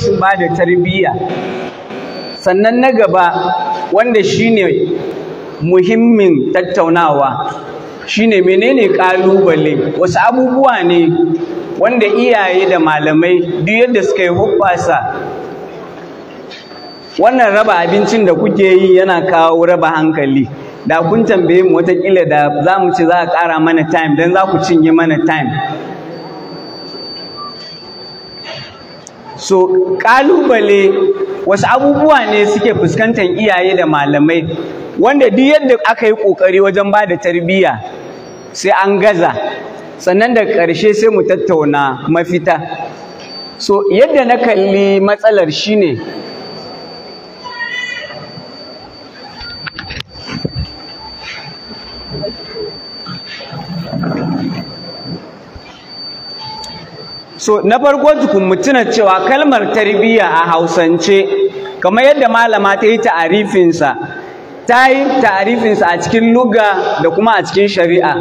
rashin ba da tarbiyya sannan na gaba wanda shine muhimmin tattaunawa shine menene ƙalubale wasu abubuwa ne wanda iyaye da malamai duk yadda suka yi hoɓɓasa wannan raba abincin da kuke yi yana kawo raba hankali da kun tambaye mu watakila da za mu ce za a kara mana time don za ku cinye mana time so ƙalubale wasu abubuwa ne suke fuskantar iyaye da malamai wanda duk yadda aka yi ƙoƙari wajen ba da tarbiyya sai an gaza sannan da ƙarshe sai mu tattauna mafita so yadda na kalli matsalar shine so na farko tukun mutuna cewa kalmar tarbiyya a hausance kamar yadda malama ta yi ta'arifinsa ta yi ta'arifinsa a cikin luga da kuma a cikin shari'a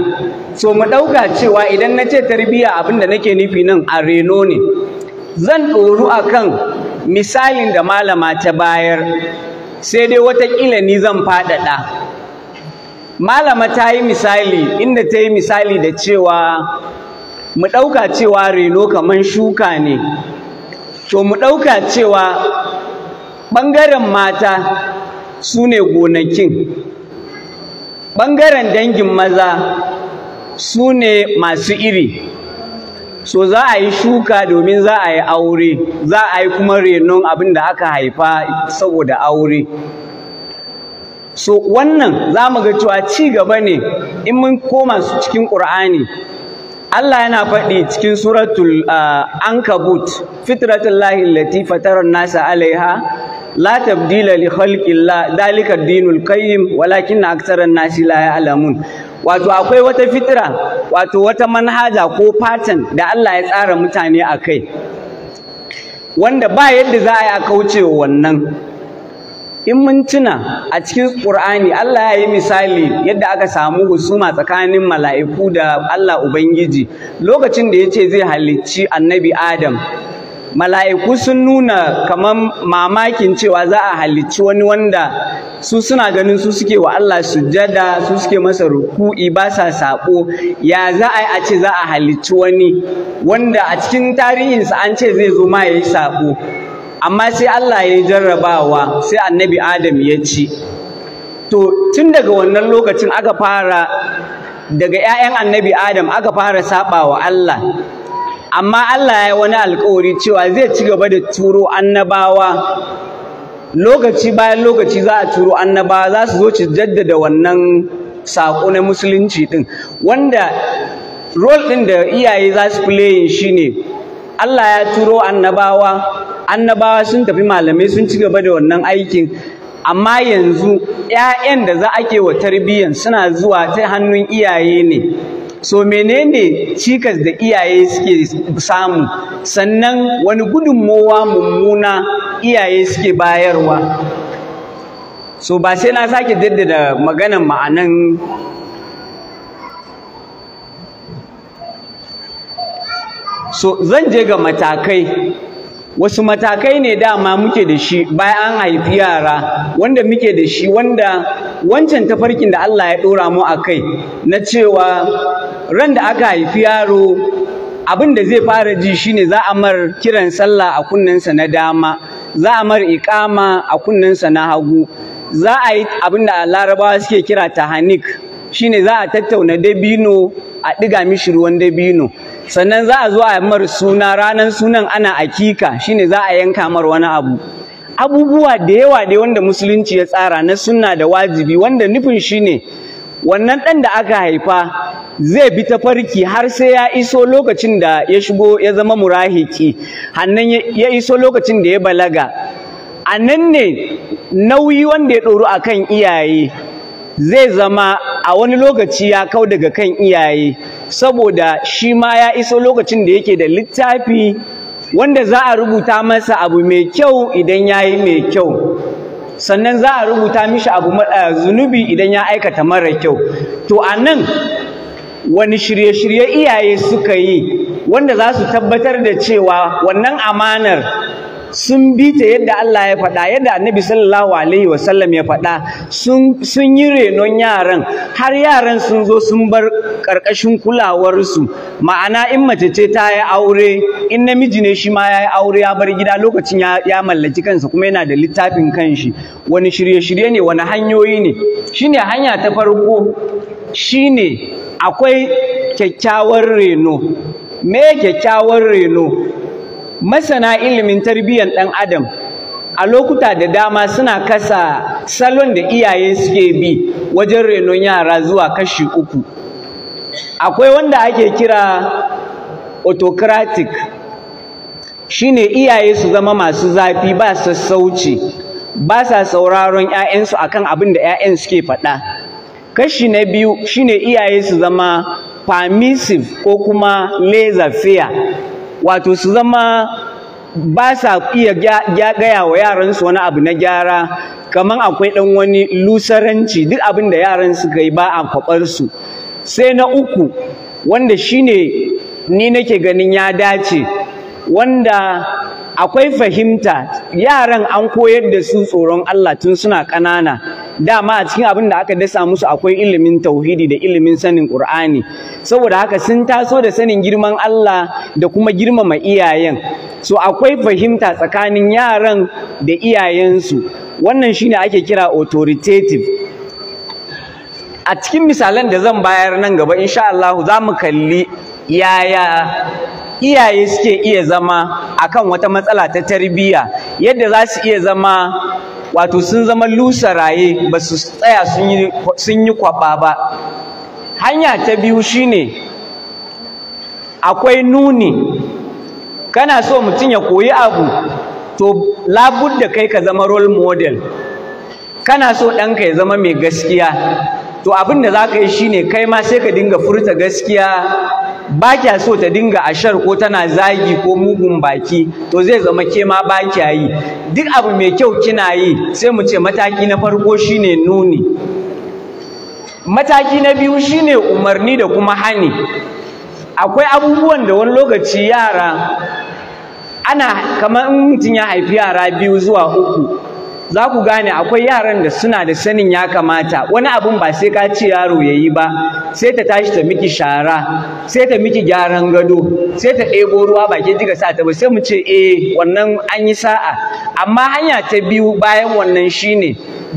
so mu ɗauka cewa idan na ce tarbiyya abin da nake nufi nan a reno ne zan ɗoru a kan misalin da malama ta bayar sai dai watakila ni zan faɗaɗa malama ta yi misali inda ta yi misali da cewa mu ɗauka cewa reno kamar shuka ne to mu ɗauka cewa ɓangaren mata su ne gonakin ɓangaren dangin maza su ne masu iri so za a yi shuka domin za a yi aure za a yi kuma renon abin da aka haifa saboda aure so wannan za mu ga cewa ci gaba ne in mun koma su cikin ƙur'ani Allah yana faɗi cikin suratul uh, Ankabut fitratul lahi lati fatara nasa alaiha la tabdila li khalqillah dalika dinul qayyim walakin aktharan nasi la ya'lamun wato akwai wata fitra wato wata manhaja ko pattern da Allah ya tsara mutane akai wanda ba yadda za a yi a kauce wannan in mun tuna a cikin ƙur'ani Allah ya yi misali yadda aka samu husuma tsakanin mala'iku da Allah Ubangiji lokacin da ya ce zai halicci annabi Adam mala'iku sun nuna kamar mamakin cewa za a halicci wani wanda su suna ganin su suke wa Allah sujjada su suke masa ruku'i ba sa sako ya za a yi a ce za a halicci wani wanda a cikin tarihinsa an ce zai zo ma ya yi sako amma sai Allah ya yi jarrabawa sai annabi Adam ya ci to tun daga wannan lokacin aka fara daga 'ya'yan annabi Adam aka fara saɓawa Allah amma Allah ya wani alƙawari cewa zai ci gaba da turo annabawa lokaci bayan lokaci za a turo annabawa za su zo su jaddada wannan saƙo na musulunci ɗin wanda rol ɗin da iyaye za su fi shi ne Allah ya turo annabawa annabawa sun tafi malamai sun ci gaba da wannan aikin amma yanzu 'ya'yan da za a ke wa tarbiyyan suna zuwa ta hannun iyaye ne so menene cikas da iyaye suke samu sannan wani gudunmowa mummuna iyaye suke bayarwa so ba sai na sake jaddada maganan ma'anan so zan je ga matakai wasu matakai ne dama muke da shi bayan an haifi yara wanda muke da shi wanda wancan tafarkin da Allah ya ɗora mu a kai na cewa ran da aka haifi yaro abin da zai fara ji shine za a mar kiran sallah a kunnensa na dama za a mar iƙama a kunnensa na hagu za a yi abin da larabawa suke kira tahanik shine za a tattauna dabino a ɗiga mishi ruwan dabino sannan za a zo a mar suna ranar sunan ana akika shine za a yanka mar wani abu abubuwa da yawa dai wanda musulunci ya tsara na sunna da wajibi wanda nufin shine wannan ɗan da aka haifa zai bi ta farki har sai ya iso lokacin da ya shigo ya zama murahiki hannan ya iso lokacin da ya balaga a ne nauyi wanda ya ɗoru a kan iyaye zai zama a wani lokaci ya kau daga kan iyaye saboda shi ma ya iso lokacin da yake da littafi wanda za a rubuta masa abu mai kyau idan ya yi mai kyau sannan za a rubuta mishi abu eh, zunubi idan ya aikata mara kyau to a nan wani shirye-shirye iyaye suka yi wanda za su tabbatar da cewa wannan amanar sun bi ta yadda Allah ya faɗa yadda annabi sallallahu alaihi wasallam ya faɗa sun yi renon yaran har yaran sun zo sun bar ƙarƙashin kulawarsu ma'ana in mace ce ta yi aure in namiji ne shi ma ya yi aure ya bar gida lokacin ya mallaki kansa kuma yana da littafin kanshi wani shirye-shirye ne wani hanyoyi ne shine hanya ta farko shine akwai kyakkyawar reno me kyakkyawar reno masana ilimin tarbiyyar ɗan adam a lokuta da dama suna kasa salon da iyaye suke bi wajen renon yara zuwa kashi uku akwai wanda ake kira autocratic shine iyaye su zama masu zafi ba sassauci ba sa sauraron 'ya'yansu akan abin da 'ya'yan suke faɗa kashi na biyu shine iyaye su zama permissive ko kuma laissez-faire wato su zama ba sa iya gaya wa yaransu wani abu na gyara kamar akwai ɗan wani lusaranci duk abin da yaran suka yi ba a kwaɓarsu sai na uku wanda shine ni nake ganin ya dace wanda akwai fahimta yaran an koyar da su tsoron Allah tun suna ƙanana dama a cikin abin da aka dasa musu akwai ilimin tauhidi da ilimin sanin ƙur'ani saboda haka sun taso da sanin girman Allah da kuma girmama iyayen so akwai fahimta tsakanin yaran da iyayensu wannan shine ake kira authoritative a cikin misalan da zan bayar nan gaba insha Allah za mu kalli yaya iyaye suke iya zama akan wata matsala ta tarbiyya yadda za su iya zama wato sun zama lusaraye ba su tsaya sun yi kwaba ba hanya ta biyu shine akwai nuni kana so mutum ya koyi abu to da kai ka zama role model kana so ɗanka ya zama mai gaskiya to abin da za ka yi shi ne kai ma sai ka dinga furta gaskiya ba kya so ta dinga ashar ko tana zagi ko mugun baki to zai zama ke ma ba kya yi duk abu mai kyau kina yi sai mu ce mataki na farko shi ne nuni mataki na biyu shine umarni da kuma hani akwai abubuwan da wani lokaci yara ana kamar mutum ya haifi yara biyu zuwa uku za ku gane akwai yaran da suna da sanin ya kamata wani abun ba sai ka ce yaro ya yi ba sai ta tashi ta miki shara sai ta miki gyaran gado sai ta ɗebo ruwa bakin jiga sa ta ba sai mu ce eh wannan an yi sa'a amma hanya ta biyu bayan wannan shine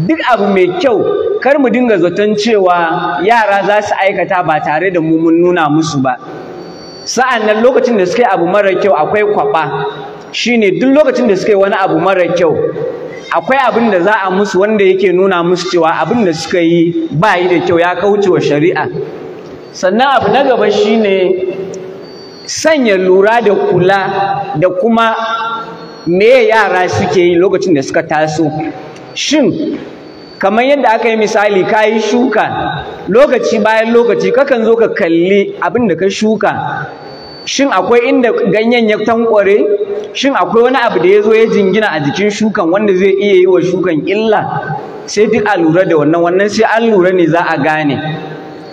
duk abu mai kyau kar mu dinga zaton cewa yara za su aikata ba tare da mu mun nuna musu ba sa'an nan lokacin da suka yi abu mara kyau akwai kwaba shine duk lokacin da suka yi wani abu mara kyau akwai abin da za a musu wanda yake nuna musu cewa abin da suka yi ba yi da kyau ya kauce wa shari'a sannan abu na gaba shine sanya lura da kula da kuma me yara suke yi lokacin da suka taso shin kamar yadda aka yi misali ka yi shuka lokaci bayan lokaci kakan zo ka kalli abin da ka shuka shin akwai inda ganyen ya tankware shin akwai wani abu da ya zo ya jingina a jikin shukan wanda zai iya yi wa shukan illa sai duk a lura da wannan wannan sai an lura ne za a gane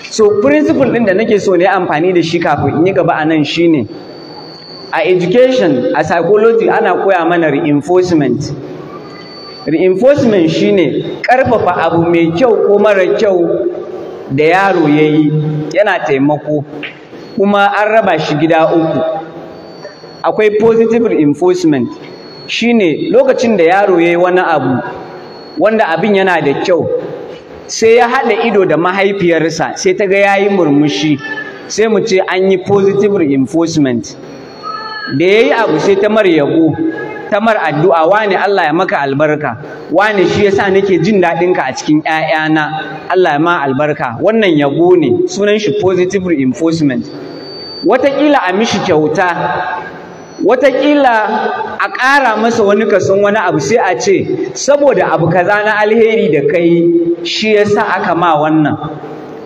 so principle ɗin da nake so ne amfani da shi kafin in yi gaba a nan shine a education a psychology ana koya mana reinforcement reinforcement shine ƙarfafa abu mai kyau ko mara kyau da yaro ya yi yana taimako kuma an raba shi gida uku akwai positive reinforcement shine lokacin da yaro yayi wani abu wanda abin yana da kyau sai ya haɗa ido da mahaifiyarsa sai ta ga yayi murmushi sai mu ce an yi positive reinforcement da yayi abu sai ta mar yabo tamar addu'a wane Allah ya maka albarka wane shi yasa nake jin daɗinka a cikin 'ya'yana, Allah ya ma albarka wannan yabo ne sunan shi positive reinforcement watakila a mishi kyauta watakila a ƙara masa wani kasan wani abu sai a ce saboda abu kaza na alheri da kai shi yasa aka ma wannan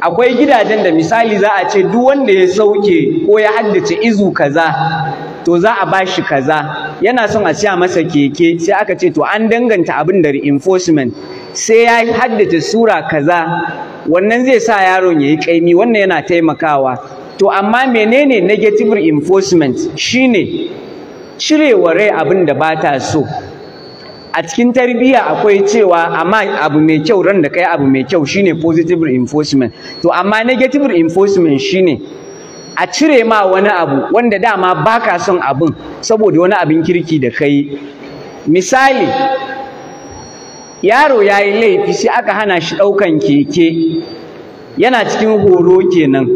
akwai gidajen da misali za a ce duk wanda ya sauke ko ya haddace izu kaza to za a bashi kaza yana son a siya masa keke sai aka ce to an danganta abin da reinforcement sai ya haddace sura kaza wannan zai sa yaron ya yi ƙaimi wannan yana taimakawa to amma menene negative reinforcement shine cirewa rai abin da ba ta so a cikin tarbiyya akwai cewa amma abu mai kyau ran da kai abu mai kyau shine positive reinforcement to amma negative reinforcement shine a cire ma wani abu wanda dama baka son abin saboda wani abin kirki da kai misali yaro ya yi laifi sai aka hana shi ɗaukan keke yana cikin horo kenan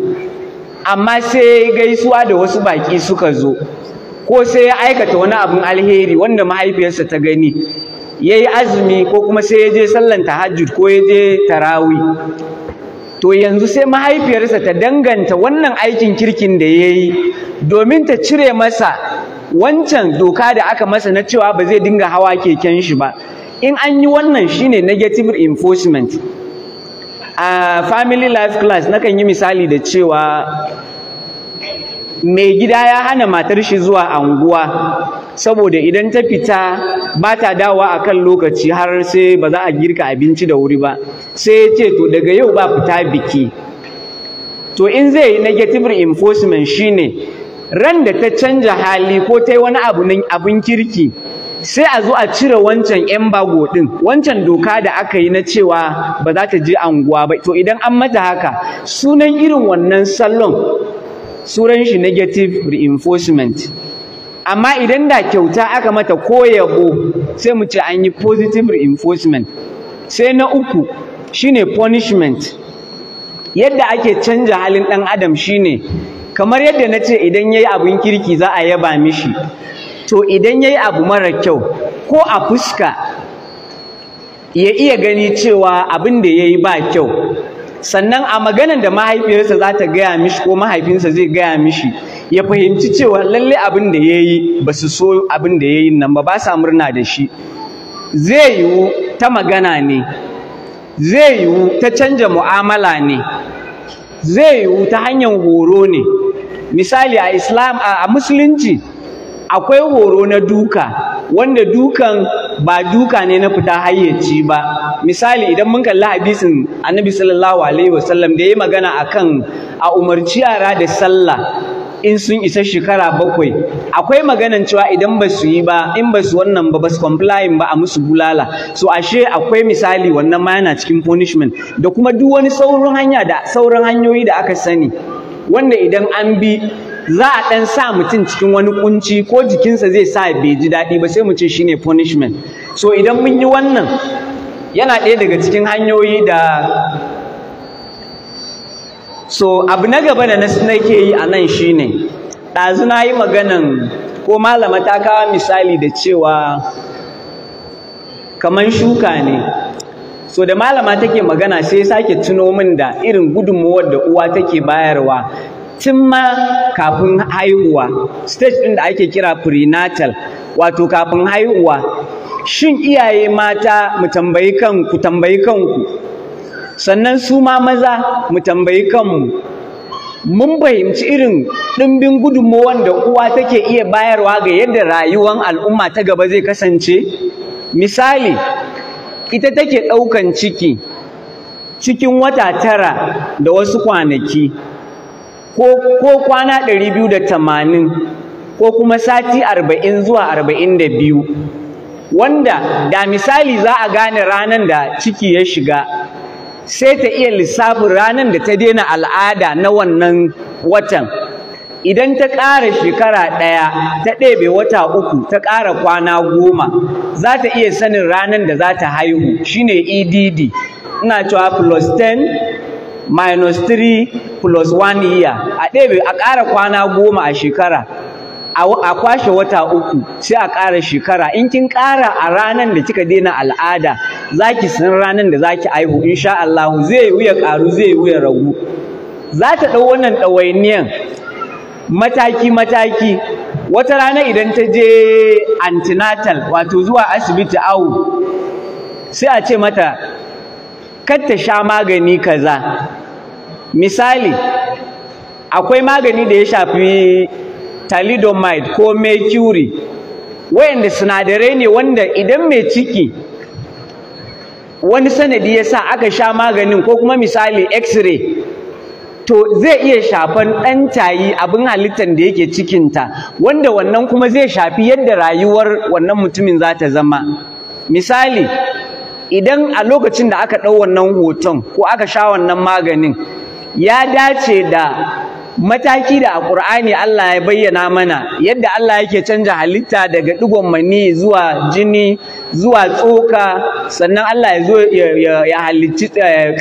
amma sai gaisuwa da wasu baƙi suka zo ko sai ya aikata wani abin alheri wanda mahaifiyarsa ta gani ya yi azumi ko kuma sai ya je sallan tahajjud ko ya je tarawi to yanzu sai mahaifiyarsa ta danganta wannan aikin kirkin da ya yi domin ta cire masa wancan doka da aka masa na cewa ba zai dinga hawa keken shi ba in an yi wannan shine negative enforcement a family life class na kan yi misali da cewa mai gida ya hana matar shi zuwa anguwa saboda idan ta fita ba ta dawa a kan lokaci har sai ba za a girka abinci da wuri ba sai ya ce to daga yau ba fita biki to in zai yi negative reinforcement shine ran da ta canja hali ko ta yi wani abu abin kirki sai a zo a cire wancan embargo din wancan doka da aka yi na cewa ba za ta je anguwa ba to idan an mata haka sunan irin wannan sallon suran shi negative reinforcement amma idan da kyauta aka mata ko yabo sai mu ce an yi positive reinforcement sai na uku shine punishment yadda ake canja halin ɗan adam shine kamar yadda na ce idan ya yi abin kirki za a yaba mishi to idan ya yi abu mara kyau ko a fuska ya iya gani cewa abin da yayi ba kyau sannan a maganan da mahaifiyarsa za ta gaya mishi ko mahaifinsa zai gaya mishi ya fahimci cewa lalle abin da ya yi ba su so abin da ya yi nan ba ba sa murna da shi zai yiwu ta magana ne zai yiwu ta canja mu'amala ne zai yiwu ta hanyar horo ne misali a islam a musulunci akwai horo na duka wanda dukan ba duka ne na fita hayyaci ba misali idan mun kalli hadisin annabi sallallahu alaihi wasallam da ya magana akan a umarci yara da sallah in sun isa shekara bakwai akwai maganan cewa idan ba su yi ba in ba su wannan ba ba su complying ba a musu bulala so ashe akwai misali wannan ma yana cikin punishment da kuma duk wani sauran hanya da sauran hanyoyi da aka sani wanda idan an bi za a ɗan sa mutum cikin wani kunci ko jikinsa zai sa bai ji daɗi ba sai mu ce shine punishment so idan mun yi wannan yana ɗaya daga cikin hanyoyi da so abu na gaba da na nake yi a nan shine ɗazu na yi maganan ko malama ta kawo misali da cewa Kamar shuka ne so da malama take magana sai sake tuno min da irin gudunmuwar da uwa take bayarwa tun ma kafin haihuwa stage ɗin da ake kira prenatal wato kafin haihuwa shin iyaye mata mu tambayi kanku tambayi kanku sannan su ma maza mu tambayi kanmu mun fahimci irin ɗimbin gudunmawar da uwa take iya bayarwa ga yadda rayuwar al'umma ta gaba zai kasance misali ita take ɗaukan ciki cikin wata tara da wasu kwanaki ko kwana ɗari biyu da tamanin ko kuma sati arba'in zuwa arba'in da biyu wanda da misali za a gane ranar da ciki ya shiga sai ta iya lissafin ranar da ta daina al'ada na wannan watan idan ta ƙara shekara ɗaya ta ɗebe wata uku ta ƙara kwana goma za ta iya sanin ranar da za ta haihu shine edd ina cewa plus 10 minus 3 plus 1 year a ɗebe a ƙara kwana goma a shekara a kwashe wata uku sai a ƙara shekara in kin ƙara a ranar da kika daina al'ada za ki san ranar da za ki aihu insha Allah zai yi ya ƙaru zai yi ya ragu za ta ɗau wannan ɗawainiyan mataki-mataki wata rana idan ta je antinatal wato zuwa asibiti awu sai a ce mata kar ta sha magani kaza misali akwai magani da ya shafi thalidomide ko mercury wayanda sinadarai ne wanda idan mai ciki wani sanadi ya sa aka sha maganin ko kuma misali x-ray to zai iya shafan ɗan tayi abin halittar da yake cikinta wanda wannan kuma zai shafi yadda rayuwar wannan mutumin za ta zama misali idan a lokacin da aka ɗau wannan hoton ko aka sha wannan maganin ya dace da mataki da a ƙur'ani Allah ya bayyana mana yadda Allah yake canja halitta daga ɗigon mani zuwa jini zuwa tsoka sannan Allah ya zo ya halicci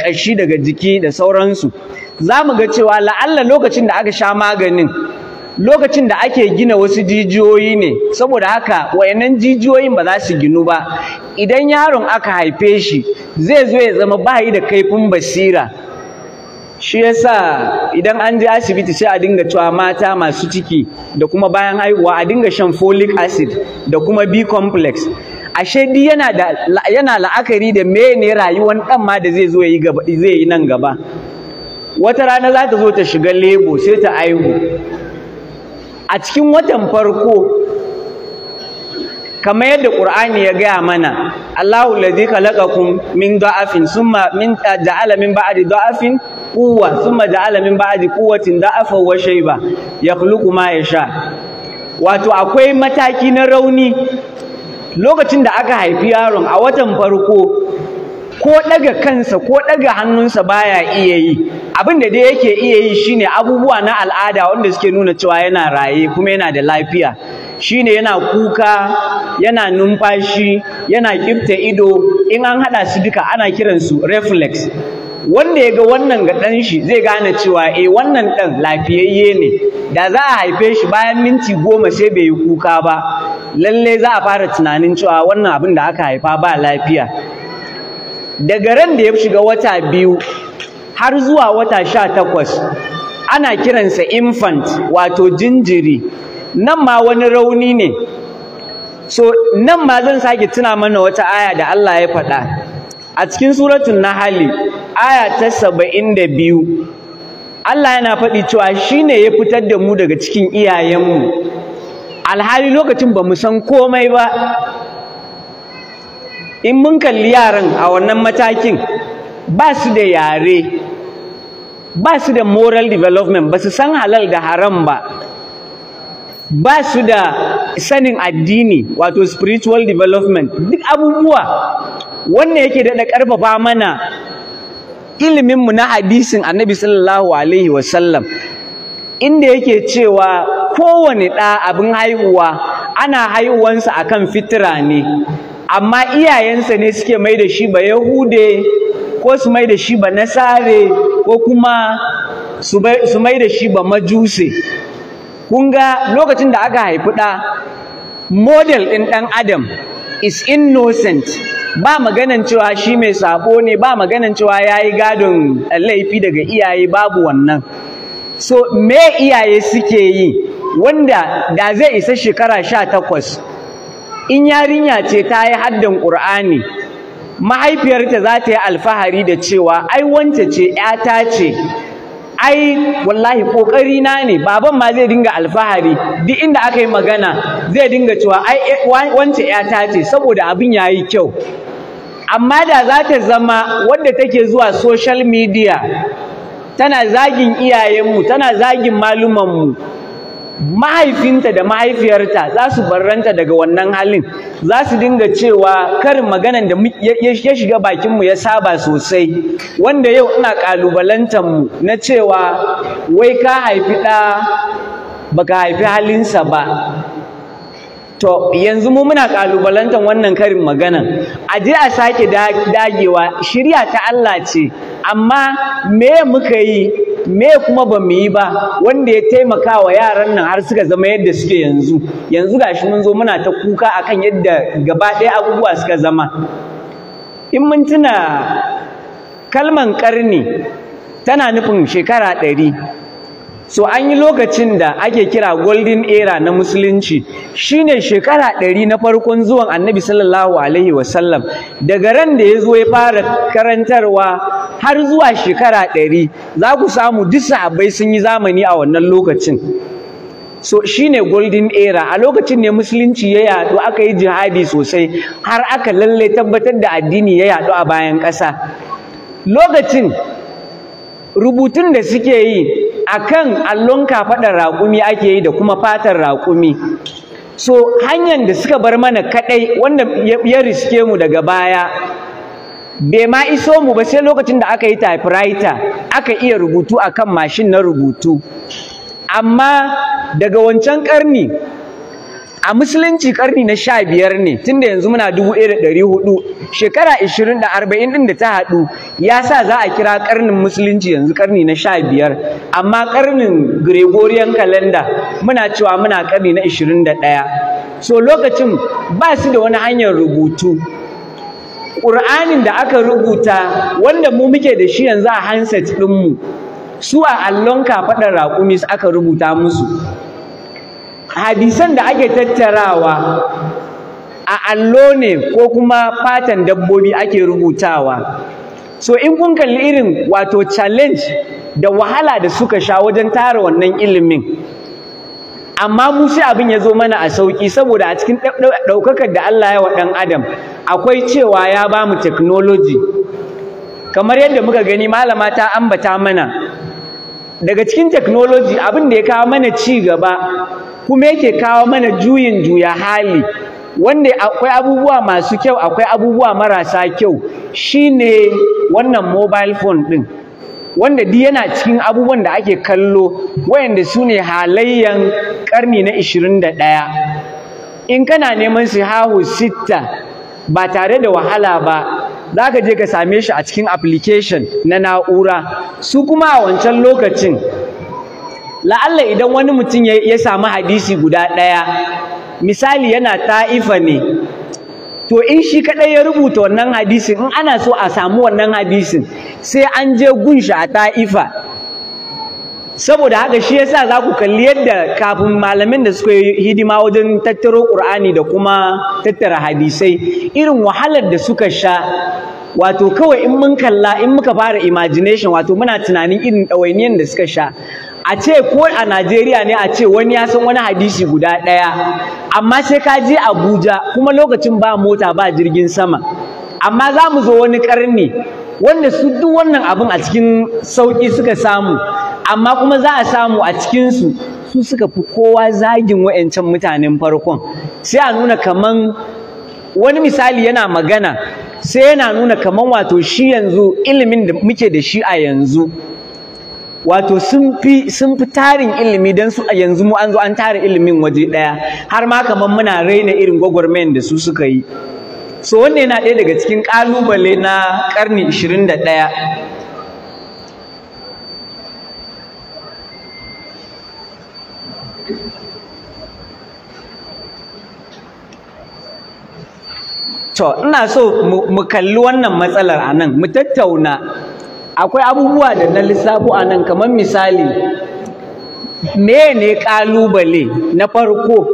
ƙashi daga jiki da sauransu za mu ga cewa la'alla lokacin da aka sha maganin lokacin da ake gina wasu jijiyoyi ne saboda haka wayannan jijiyoyin ba za su ginu ba idan yaron aka haife shi zai zo ya zama bayi da kaifin basira shi yasa idan an je asibiti sai a dinga cewa mata masu ciki da kuma bayan haihuwa a dinga shan folic acid da kuma b complex ashe di yana la'akari da mene rayuwar dan ma da zai zo yi gaba zai yi nan gaba wata rana za ta zo ta shiga lebo sai ta aihu a cikin watan farko kamar yadda Qur'ani ya gaya mana Allahu ladhi khalaqakum min da'afin summa min ja'ala min ba'di da'afin quwwa summa ja'ala min ba'di quwwatin da'afa wa shayba yakhluqu ma yasha wato akwai mataki na rauni lokacin da aka haifi yaron a watan farko ko daga kansa ko daga hannunsa baya iya yi abin da dai yake iya yi shine abubuwa na al'ada wanda suke nuna cewa yana raye kuma yana da lafiya shine yana kuka yana numfashi yana kifta ido in an hada su duka ana kiransu reflex wanda ya ga wannan ga ɗan shi zai gane cewa eh wannan ɗan lafiyayye ne da za a haife shi bayan minti goma sai bai yi kuka ba lalle za a fara tunanin cewa wannan abin da aka haifa ba lafiya daga ran da ya shiga wata biyu har zuwa wata sha takwas ana kiransa infant wato jinjiri nan ma wani rauni ne so nan ma zan sake tuna mana wata aya da Allah ya faɗa a cikin suratun na hali, aya ta saba'in da biyu. Allah yana faɗi cewa shi ne ya fitar da mu daga cikin iyayenmu alhali lokacin ba mu san komai ba in mun kalli yaran a wannan matakin ba su da yare ba su da moral development ba su san halal da haram ba ba su da sanin addini wato spiritual development duk abubuwa wannan yake daɗa ƙarfafa mana iliminmu na hadisin annabi sallallahu alaihi wasallam inda yake cewa kowane ɗa abin haihuwa ana haihuwansa akan fitira ne amma iyayensa ne suke mai da shi ba yahude ko su mai da shi ba nasare ko kuma su mai da shi ba majuse kun ga lokacin da aka haifi ɗa model ɗin ɗan adam is innocent ba maganan cewa shi mai sabo ne ba maganan cewa ya yi gadon laifi daga iyaye babu wannan so me iyaye suke yi wanda da zai isa shekara sha takwas in yarinya ce ta yi haddan ƙur'ani mahaifiyarta za ta yi alfahari da cewa ai wance ce ƴata ce ai wallahi ƙoƙarina ne baban ma zai dinga alfahari duk inda aka yi magana zai dinga cewa ai eh, wance ƴata ce saboda abin ya yi kyau amma da za ta zama wadda take zuwa social media tana zagin iyayenmu tana zagin malumanmu mahaifinta da mahaifiyarta za su barranta daga wannan halin za su dinga cewa karin maganan da ya shiga bakinmu ya saba sosai wanda yau ina mu, na cewa wai ka haifi ɗa baka haifi halinsa ba to yanzu mu muna ƙalubalantar wannan karin maganan a je a sake dagewa shirya ta Allah ce amma me muka yi me kuma ba mu yi ba wanda ya taimaka wa yaran nan har suka zama yadda suke yanzu yanzu gashi mun zo muna ta kuka akan yadda gaba ɗaya abubuwa suka zama in mun tuna kalman ƙarni tana nufin shekara ɗari so an yi lokacin da ake kira golden era na musulunci shine shekara ɗari na farkon zuwan annabi sallallahu alaihi wasallam daga ran da ya zo ya fara karantarwa har zuwa shekara ɗari za ku samu duk abai sun yi zamani a wannan lokacin so shine golden era a lokacin ne musulunci ya yaɗu aka yi jihadi sosai har aka lallai tabbatar da addini ya yaɗu a bayan ƙasa lokacin rubutun da suke yi akan allon kafaɗar raƙumi ake yi da kuma fatar raƙumi so hanyar da suka bar mana kaɗai wanda ya riske mu daga baya bai ma iso mu ba sai lokacin da aka yi typewriter aka iya rubutu akan mashin na rubutu amma daga wancan ƙarni a musulunci karni na sha biyar ne tunda yanzu muna dubu ɗaya da ɗari hudu shekara ishirin da arba'in ɗin da ta haɗu ya sa za a kira karnin musulunci yanzu karni na sha biyar amma karnin gregorian kalanda muna cewa muna karni na ishirin da ɗaya so lokacin ba su da wani hanyar rubutu ƙur'anin da aka rubuta wanda mu muke da shi yanzu a handset ɗinmu su a allon kafaɗar raƙumi aka rubuta musu hadisan da ake tattarawa a allo ne ko kuma fatan dabbobi ake rubutawa so in kun kalli irin wato challenge da wahala da suka sha wajen tara wannan ilimin amma mu sai abin ya zo mana a sauki saboda a cikin ɗaukakar da Allah ya wa ɗan adam akwai cewa ya ba mu technology kamar yadda muka gani malama ta ambata mana daga cikin technology abin da ya kawo mana ci gaba kuma yake kawo mana juyin juya hali wanda akwai abubuwa masu kyau akwai abubuwa marasa kyau shine wannan mobile phone din wanda duk yana cikin abubuwan da ake kallo wayanda su ne halayyan karni na 21 in kana neman sihahu sitta ba tare da wahala ba za ka je ka same shi a cikin application na na'ura su kuma a wancan lokacin la'alla idan wani mutum ya samu hadisi guda ɗaya misali yana ta'ifa ne to in shi kaɗai ya rubuta wannan hadisin in ana so a samu wannan hadisin sai an je gunshi a ta'ifa saboda haka shi yasa za ku kalli yadda kafin malamin da suka yi hidima wajen tattaro ƙur'ani da kuma tattara hadisai irin wahalar da suka sha wato kawai in mun kalla in muka fara imagination wato muna tunanin irin ɗawainiyar da suka sha a ce ko a Najeriya ne a ce wani ya san wani hadisi guda ɗaya amma sai ka je Abuja kuma lokacin ba mota ba jirgin sama amma za mu zo wani ƙarni wanda su duk wannan abin a cikin sauƙi suka samu amma kuma za a samu a cikinsu su suka fi kowa zagin wa'yancan mutanen farkon sai a nuna kaman wani misali yana magana sai yana nuna kaman wato shi yanzu ilimin da muke da shi a yanzu wato sun fi tarin ilimi don su a yanzu mu an zo an tara ilimin waje ɗaya, har ma kamar muna raina irin gwagwarmayan da su suka yi so wannan yana ɗaya daga cikin ƙalubale na ƙarni 21 To, ina so mu kalli wannan matsalar a nan, mu tattauna akwai abubuwa da na lissafo a nan kamar misali me ne ƙalubale na farko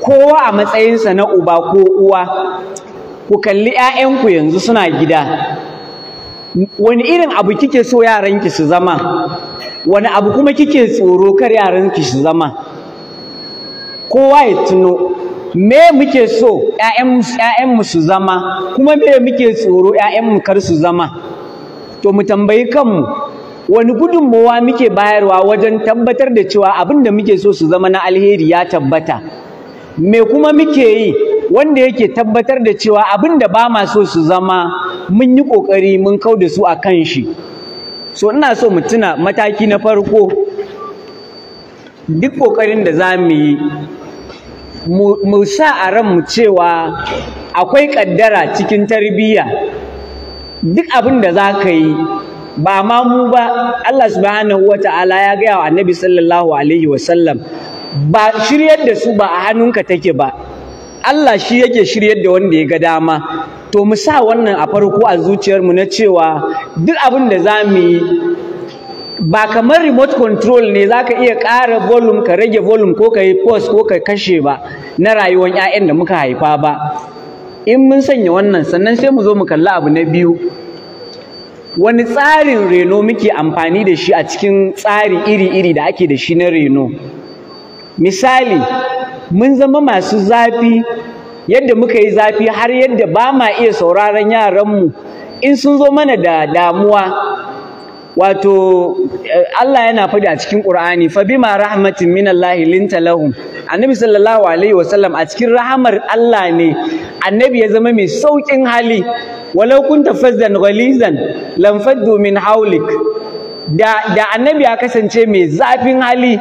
kowa a matsayinsa na uba ko uwa ku kalli 'ya'yanku yanzu suna gida wani irin abu kike so yaranki su zama wani abu kuma kike tsoro kar yaranki su zama kowa ya tuno me muke so ‘ya'yanmu su zama kuma me muke tsoro ‘ya'yanmu kar su zama to mu tambayi kanmu wani gudunmawa muke bayarwa wajen tabbatar da cewa abin da muke so su zama na alheri ya tabbata me kuma muke yi wanda yake tabbatar da cewa abin da ba ma so su zama mun yi ƙoƙari mun kau da su a kan shi so ina so mu tuna mataki na farko duk ƙoƙarin da za mu yi mu sa a ranmu cewa akwai ƙaddara cikin tarbiyya duk abin da za ka yi ba ma mu ba Allah subhanahu wa ta'ala ya gaya wa annabi sallallahu alaihi wa sallam, ba shiryar da su ba a hannunka take ba Allah shi yake shiryar da wanda ya ga dama to mu sa wannan a farko a zuciyarmu na cewa duk abin da za mu yi ba kamar remote control ne za ka iya ƙara volume ka rage volume ko ka yi pause ko ka kashe ba na rayuwar 'ya'yan da muka haifa ba in mun sanya wannan sannan sai mu zo mu kalli abu na biyu wani tsarin reno muke amfani da shi a cikin tsari iri-iri da ake da shi na reno misali mun zama masu zafi yadda muka yi zafi har yadda ba ma iya sauraron yaranmu in sun zo mana da damuwa wato eh, Allah yana faɗi a cikin Qur'ani fa bima rahmatin minallahi linta lahum annabi sallallahu alaihi wasallam a cikin rahamar Allah ne annabi ya zama mai saukin hali walau kunta fazzan ghalizan lam faddu min hawlik da da annabi ya kasance mai zafin hali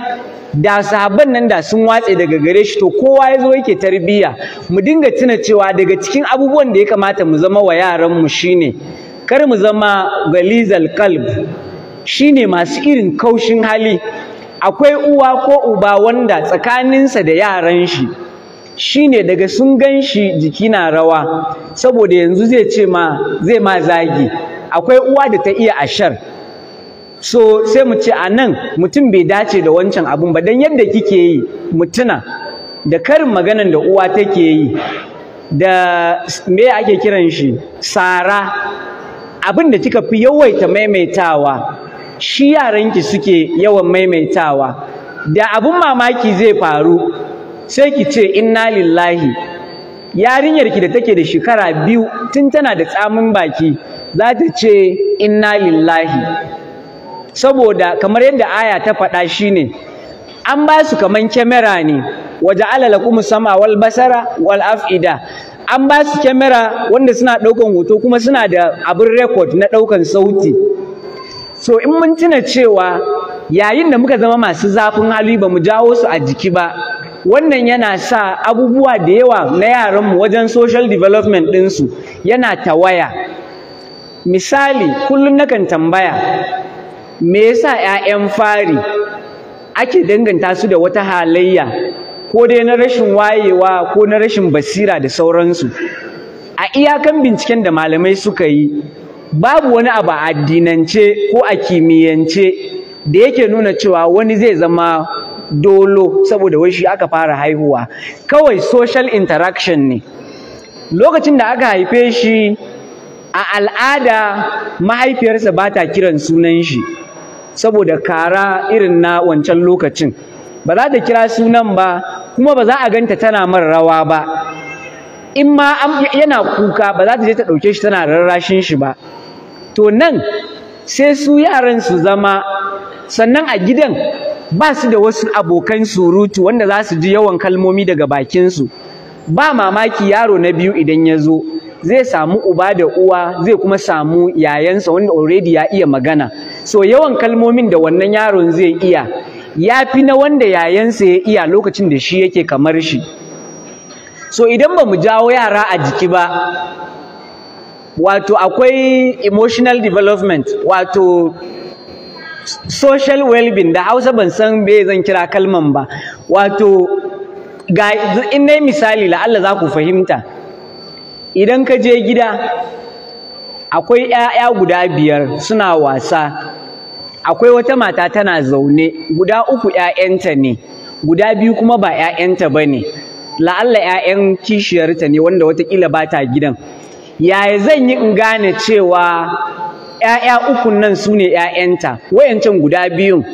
da sahabban nan da sun watse daga gare shi to kowa ya zo yake tarbiyya mu dinga tuna cewa daga cikin abubuwan da ya kamata mu zama wa yaran mu shine kar mu zama galizal shi shine masu irin kaushin hali akwai uwa ko uba wanda tsakaninsa da yaran shi ne daga sun gan shi jiki na rawa saboda yanzu zai ce ma zai ma zagi akwai uwa da ta iya ashar so sai mu ce a nan mutum bai dace da wancan abun ba don yadda kike yi mutuna da karin maganan da uwa take yi da me ake kiran shi sara abin da kika fi yawaita maimaitawa shi yaranki suke yawan maimaitawa da abin mamaki zai faru sai ki ce inna lillahi yarinyarki da take da shekara biyu tun tana da tsamin baki za ta ce inna lillahi saboda kamar yadda aya ta faɗa shi ne. an ba su kaman kyamara ne waje alala kuma sama wal basara wal af'ida an ba su kyamara wanda suna ɗaukan hoto kuma suna da abin rekod na ɗaukan sauti so in mun tuna cewa yayin da muka zama masu zafin hali ba mu jawo su a jiki ba wannan yana sa abubuwa da yawa na yaranmu wajen social development ɗinsu yana tawaya misali kullum nakan tambaya me yasa 'ya'yan fari ake danganta su da wata halayya ko dai na rashin wayewa ko na rashin basira da sauransu a iyakan binciken da malamai suka yi babu wani abu a addinance ko a kimiyyance da yake nuna cewa wani zai zama dolo saboda wai shi aka fara haihuwa kawai social interaction ne lokacin da aka haife shi a al'ada mahaifiyarsa ba ta kiran sunan shi saboda kara irin na wancan lokacin ba za ta kira sunan ba kuma ba za a ganta tana mar rawa ba in ma yana kuka ba za ta je ta ɗauke shi tana rarrashin shi ba to nan sai su yaran su zama sannan a gidan ba su da wasu abokan surutu wanda za su ji yawan kalmomi daga bakinsu ba mamaki yaro na biyu idan ya zo zai samu uba da uwa zai kuma samu yayansa wanda already ya iya magana so yawan kalmomin da wannan yaron zai iya ya fi na wanda yayansa ya iya lokacin da shi yake kamar shi so idan ba mu jawo yara a jiki ba wato akwai emotional development wato social well-being da hausa ban san me zan kira kalman ba wato ga in nayi misali la'alla za ku fahimta idan ka je gida akwai 'ya'ya guda biyar suna wasa akwai wata mata tana zaune guda uku ‘ya'yanta ne guda biyu kuma ba ‘ya'yanta ba ne la'alla ‘ya'yan kishiyarta ne wanda watakila ba ta gidan yaya zan yi in gane cewa ‘ya'ya uku nan su ne ‘ya'yanta wayancan guda biyun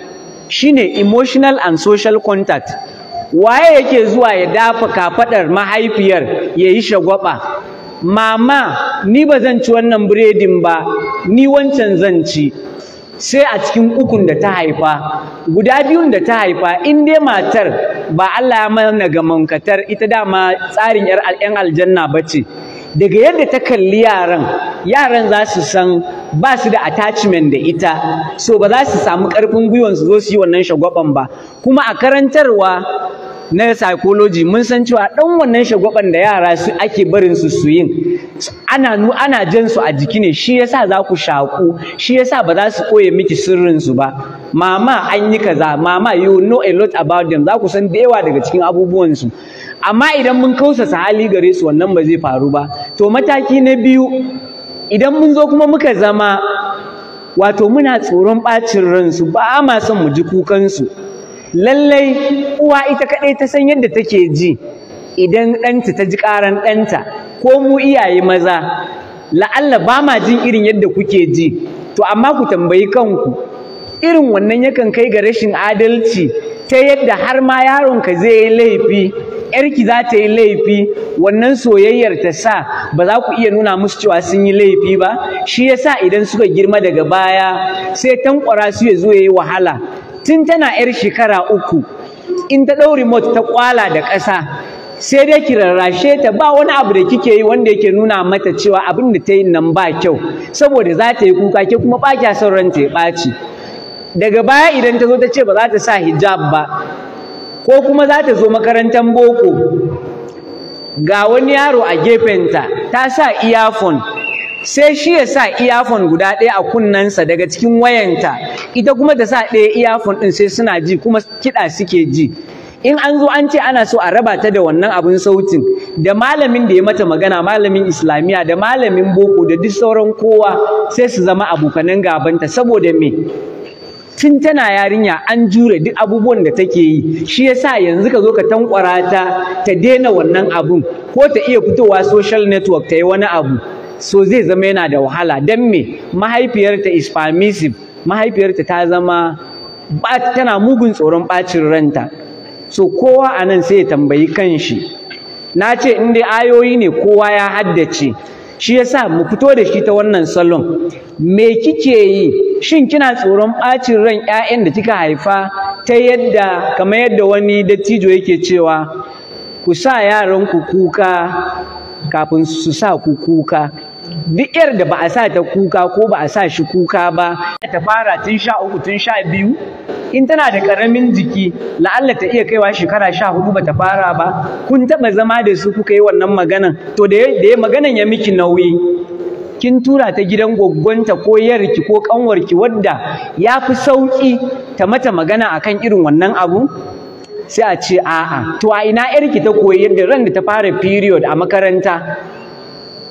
shine emotional and social contact waye yake zuwa ya dafa kafaɗar mahaifiyar ya yi shagwaba mama ni ba zan ci wannan biredin ba ni wancan zan ci sai a cikin ukun da ta haifa guda biyun da ta haifa in dai matar ba Allah ya mana ga mankatar ita dama tsarin yar yan aljanna ba ce. daga yadda ta kalli yaran yaran za su san ba su da attachment da ita so ba za su samu karfin gwiwan su zo su yi wannan shagwaban ba kuma a karantarwa na psychology mun san cewa dan wannan shagwaban da yara su ake barin su su yin ana ana jin su a jiki ne shi yasa za ku shaku shi yasa ba za su koye miki sirrin su ba mama an yi kaza mama you know a lot about them za ku san da yawa daga cikin abubuwan su amma idan mun kausasa hali gare su wannan ba zai faru ba to mataki na biyu idan mun zo kuma muka zama wato muna tsoron ɓacin ransu ba ma son mu ji kukansu lallai uwa ita kadai ta san yadda take ji idan ɗanta ta ji ƙaran ɗanta ko mu iyaye maza la'alla ba ma jin irin yadda kuke ji to amma ku tambayi kanku irin wannan yakan kai ga rashin adalci ta yadda har ma yaronka zai yi laifi yarki za ta yi laifi wannan soyayyar ta sa ba za ku iya nuna musu cewa sun yi laifi ba shi ya sa idan suka girma daga baya sai tankwara su ya zo ya yi wahala tun tana yar shekara uku in ta ɗau remote ta kwala da ƙasa sai dai ki rarrashe ta ba wani abu da kike yi wanda yake nuna mata cewa abin da ta yi nan ba kyau saboda za ta yi kuka ke kuma ba kya son ranta ya ɓaci daga baya idan ta zo ta ce ba za ta sa hijab ba ko kuma za ta zo makarantar boko ga wani yaro a gefen ta sa iyafon sai shi ya sa iyafon guda ɗaya a kunnensa daga cikin wayanta ita kuma ta sa ɗaya iyafon ɗin sai suna ji kuma kiɗa suke ji in an zo an ce ana so a raba ta da wannan abin sautin da malamin da ya mata magana malamin islamiyya da malamin boko da duk sauran kowa sai su zama abokanan gabanta saboda me tun tana yarinya an jure duk abubuwan da take yi shi yasa yanzu ka zo ka tankwara ta ta daina wannan abun ko ta iya fitowa social network ta yi wani abu so zai zama yana da wahala don me mahaifiyarta is permissive mahaifiyarta ta zama tana mugun tsoron ɓacin ranta so kowa a nan sai ya tambayi kanshi na ce in dai ayoyi ne kowa ya haddace shi yasa mu fito da shi ta wannan salon me kike yi shin kina tsoron ɓacin ran ƴaƴan da kika haifa ta yadda kamar yadda wani dattijo yake cewa ku sa yaran ku kuka kafin su sa ku kuka duk yar da ba a sa ta kuka ko ba a sa shi kuka ba ta fara tun sha uku tun sha biyu in tana da karamin jiki la'alla ta iya kaiwa shekara sha hudu ba ta fara ba kun taɓa zama da su kuka yi wannan maganan to da ya maganan ya miki nauyi kin tura ta gidan gwaggwanta ko yarki ko kanwarki wadda ya fi sauki ta mata magana akan irin wannan abu sai a ce a'a to a ina yarki ta koyi yadda ran da ta fara period a makaranta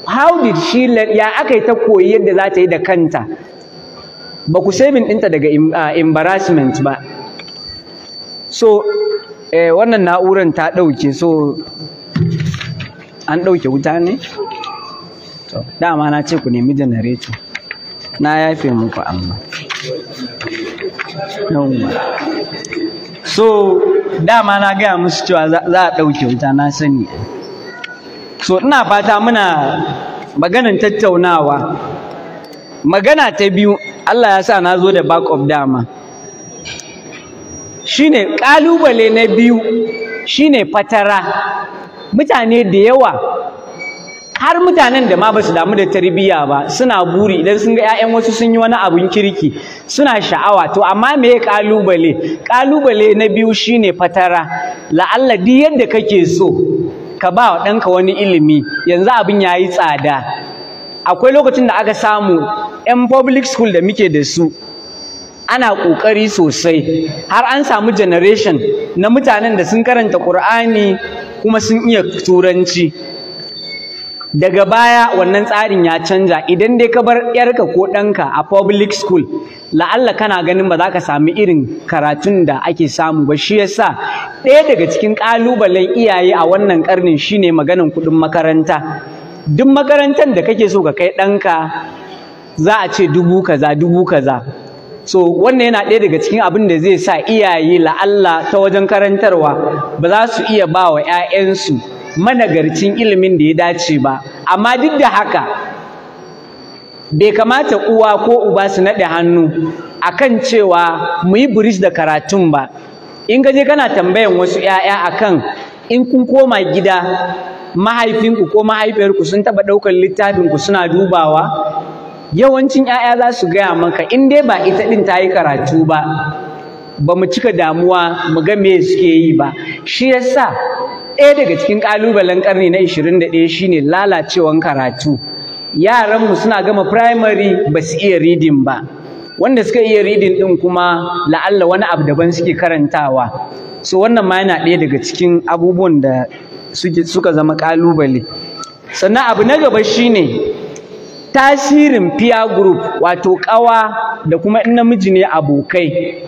how did she learn ya aka yi ta koyi yadda za ta yi da kanta ba ku saving ɗinta daga ah, embarrassment ba so eh, wannan na'urar ta ɗauke so an ɗauke wuta ne to dama na ce ku nemi janareto na yafe muku amma so dama na gaya musu cewa za a ɗauke wuta na sani so ina fata muna maganin tattaunawa magana ta biyu Allah ya sa na zo da back of dama shine ƙalubale na biyu shine fatara mutane da yawa har mutanen da ma ba su damu da tarbiyya ba suna buri idan sun ga 'ya'yan wasu sun yi wani abun kirki suna sha'awa to amma me ya Ƙalubale kalubale na biyu shine fatara la'alla duk yadda kake so ka ba wa ɗanka wani ilimi yanzu abin ya yi tsada akwai lokacin da aka samu 'yan public school da muke da su ana ƙoƙari sosai har an samu generation na mutanen da sun karanta ƙur'ani kuma sun iya turanci daga baya wannan tsarin ya canja idan dai ka bar yarka ko ɗanka a public school la'alla kana ganin ba za ka sami irin karatun da ake samu ba shi yasa ɗaya daga cikin ƙalubalen iyaye a wannan ƙarnin shine maganan kuɗin makaranta duk makarantar da kake so ka kai ɗanka za a ce dubu kaza dubu kaza so wannan yana ɗaya daga cikin abin da zai sa iyaye la'alla ta wajen karantarwa ba za su iya ba wa 'ya'yansu managarcin ilimin da ya dace ba amma duk da haka bai kamata uwa ko uba su naɗe hannu akan cewa mu yi burish da karatun ba in ka je kana tambayan wasu 'ya'ya akan in kun koma gida mahaifinku ko mahaifiyarku sun taɓa ɗaukar littafinku suna dubawa yawancin 'ya'ya za su gaya maka in dai ba ita ɗin ta yi karatu ba ba mu cika damuwa mu ga me suke yi ba shi yasa ɗaya daga cikin ƙalubalen ƙarni na 21 shine lalacewan karatu yaranmu suna gama primary ba su iya reading ba wanda suka iya reading ɗin kuma la'alla wani abu daban suke karantawa so wannan ma yana ɗaya daga cikin abubuwan da suka zama ƙalubale sannan abu na gaba shine tasirin peer group wato ƙawa da kuma in namiji ne abokai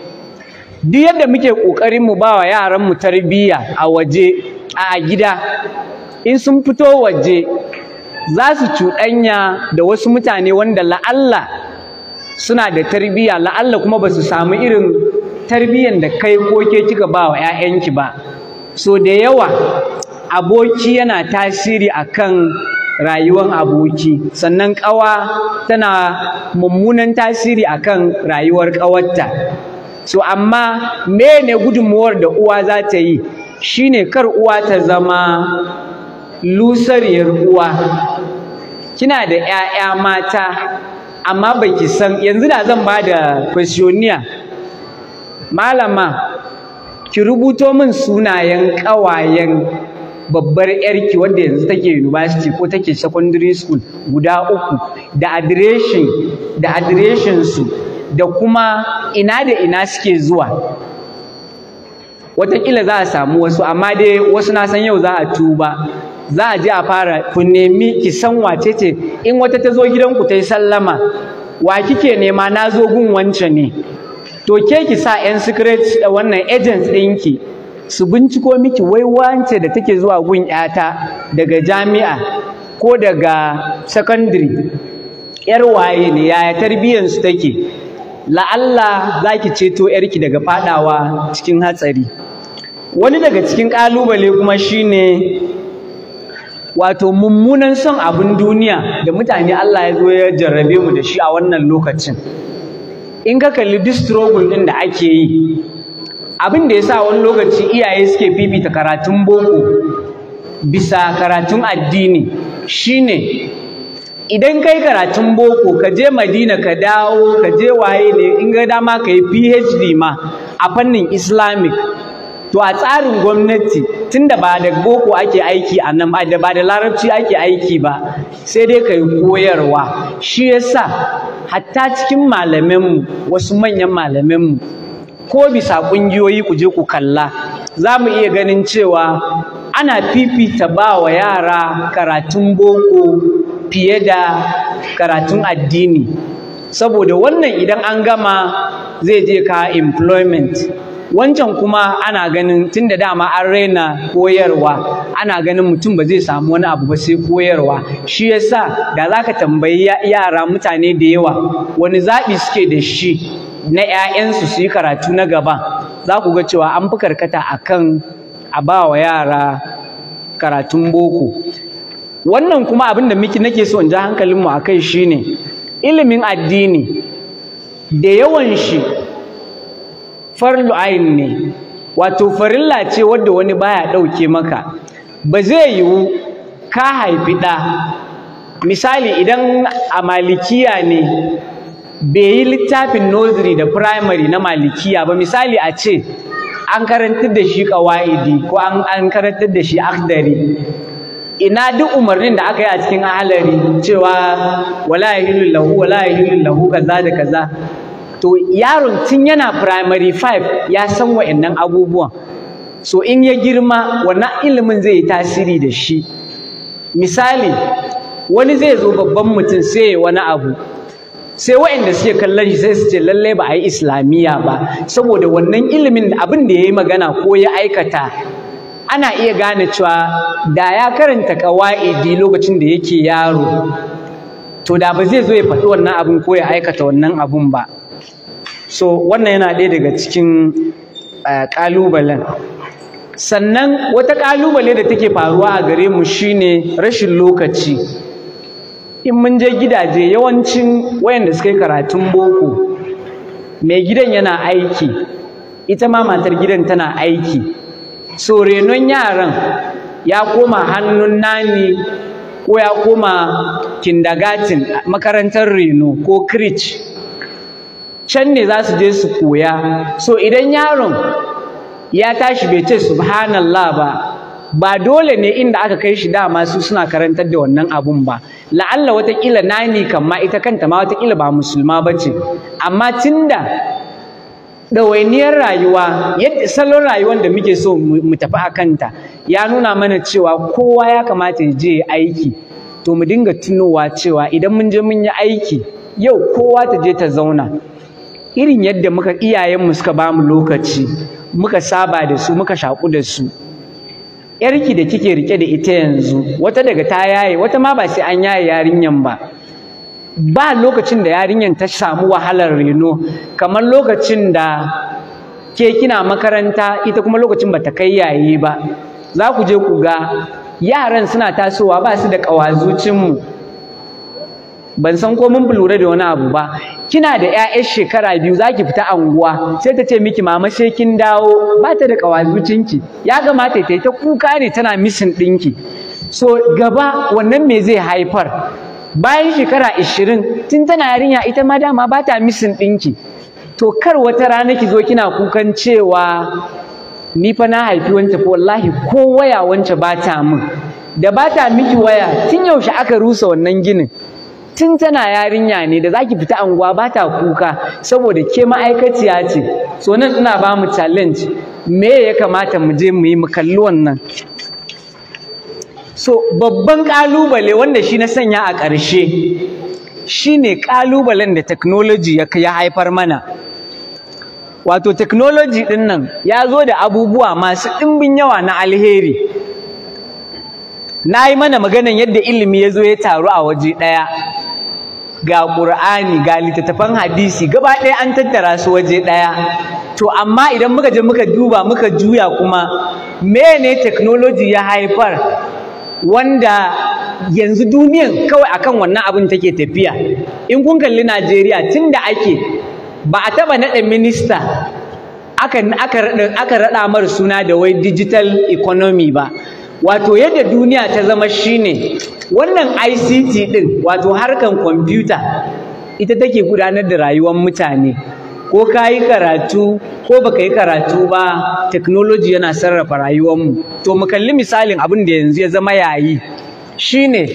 duk yadda muke ƙoƙarin mu bawa yaran mu tarbiyya a waje a gida in sun fito waje za su cuɗanya da wasu mutane wanda la'alla suna da tarbiyya la'alla kuma ba su samu irin tarbiyyan da kai ko ke kika ba wa 'ya'yanki ba so da yawa aboki yana tasiri akan rayuwar aboki sannan ƙawa tana mummunan tasiri akan rayuwar ƙawarta so amma ne gudunmuwar da uwa za ta yi shine kar uwa ta zama lusariyar uwa kina da 'ya'ya mata amma baki san yanzu da zan ba da kwasioniya malama ki rubuto min sunayen ƙawayen babbar yarki wadda yanzu take university ko take secondary school guda uku da adireshin da adireshin su da kuma ina da ina suke zuwa wataƙila za a samu wasu amma dai wasu na san yau za a tuba za a je a fara ku nemi ki san wace ce in wata ta zo gidanku ta yi sallama wa kike nema na zo gun wance ne to ke ki sa 'yan secret da wannan agents ɗinki su binciko miki wai wance da take zuwa gun yata daga jami'a ko daga secondary yar waye ne yaya su take la za ki ceto yarki daga fadawa cikin hatsari wani daga cikin ƙalubale kuma shine wato mummunan son abun duniya da mutane Allah ya zo ya jarrabe mu da shi a wannan lokacin in ka kalli duk struggle din da ake yi abin da ya sa wani lokaci iyaye suke fifita karatun boko bisa karatun addini shine idan kai karatun boko ka je madina ka dawo ka je waye ne in ga dama ka yi phd ma a fannin islamic to a tsarin gwamnati tun da ba da boko ake aiki a nan ba da ba da larabci ake aiki ba sai dai ka yi koyarwa shi yasa hatta cikin malamanmu wasu manyan mu ko bisa ƙungiyoyi ku je ku kalla za mu iya ganin cewa ana fifita ba wa yara karatun boko fiye da karatun addini saboda wannan idan an gama zai je ka employment wancan kuma ana ganin tunda dama an raina koyarwa ana ganin mutum ba zai samu wani abu ba sai koyarwa shi yasa da za ka tambayi yara mutane da yawa wani zaɓi suke da shi na 'ya'yansu su yi karatu na gaba za ku ga cewa an fi karkata a kan a ba wa yara karatun boko wannan kuma abin da miki nake so in ja hankalinmu a kai shi ne. ilimin addini da yawan shi farlu ayin ne wato farilla ce wadda wani baya ɗauke maka ba zai yiwu ka haifi ɗa misali idan a malikiya ne bai yi littafin nursery da primary na malikiya ba misali a ce an karantar da shi kawaidi ko an karantar da shi akdari ina duk umarnin da aka yi a cikin ahalari cewa wala yahillu lahu wala lahu kaza da kaza to yaron tun yana primary 5 ya san wa'annan abubuwan so in ya girma wannan ilimin zai yi tasiri da shi misali wani zai zo babban mutum sai ya wani abu sai waɗanda suke kallon shi sai su ce lallai ba a yi islamiyya ba saboda wannan ilimin abin da ya yi magana ko ya aikata ana iya gane cewa da ya karanta ƙawa'idi lokacin da yake yaro to da ba zai zo ya faɗi wannan abin ko ya aikata wannan abin ba so wannan yana ɗaya daga cikin eh, ƙalubalen sannan wata ƙalubale da take faruwa a gare mu shine rashin lokaci in mun je gidaje yawancin wayanda suka yi karatun boko mai gidan yana aiki ita ma matar gidan tana aiki so renon yaran ya koma hannun nani ko ya koma kindagatin makarantar reno ko kirich? can ne za su je su koya so idan yaron ya tashi bai ce subhanallah ba ba dole ne inda aka kai shi dama su suna karantar da wannan abun ba la'alla watakila nani kan ma ita kanta ma watakila ba musulma ba ce amma tunda ɗawainiyar rayuwa yadda salon rayuwar da muke so mu tafi a kanta ya nuna mana cewa kowa ya kamata ya je aiki to mu dinga tunowa cewa idan mun je mun yi aiki yau kowa ta je ta zauna irin yadda muka iyayenmu suka bamu lokaci muka saba da su muka shaƙu da su yarki da kike rike da ita yanzu wata daga ta yaye wata ma ba sai an yaye yarinyan ba ba lokacin da yarinyan ta samu wahalar reno kamar lokacin da ke kina makaranta ita kuma lokacin ba ta kai yaye ba za ku je ku ga yaran suna tasowa ba su da mu. ban san ko mun lura da wani abu ba kina da ƴaƴar shekara biyu zaki fita anguwa sai ta ce miki mama sai kin dawo ba ta da ki ya kamata ta yi ta kuka ne tana misin ɗinki so gaba wannan me zai haifar bayan shekara ishirin tun tana yarinya ita ma dama ba ta misin ɗinki to kar wata rana ki zo kina kukan cewa ni fa na haifi wance ko wallahi ko waya wance ba ta min da ba ta miki waya tun yaushe aka rusa wannan ginin tun tana yarinya ne da zaki fita anguwa ba ta kuka saboda ke ma'aikaciya ce so nan ina ba mu challenge me ya kamata mu je mu yi mu kalli wannan so babban ƙalubale wanda shi na sanya a ƙarshe shi ne ƙalubalen da technology ya haifar mana wato technology din nan ya zo da abubuwa masu ɗimbin yawa na alheri na yi mana maganan yadda ilimi ya zo ya taru a waje ɗaya ga ƙur'ani ga littattafan hadisi gaba ɗaya an tattara su waje ɗaya to amma idan muka je muka duba muka juya kuma mene technology ya haifar wanda yanzu duniyan kawai akan wannan abin take tafiya in kun kalli najeriya tun da ake ba a taɓa naɗa minista aka raɗa mar suna da wai digital economy ba wato yadda duniya ta zama shine wannan ICT din wato harkan kwamfuta ita take gudanar da rayuwar mutane ko ka yi karatu ko baka yi karatu ba technology yana sarrafa rayuwar mu to mu kalli misalin abin da yanzu ya zama yayi shine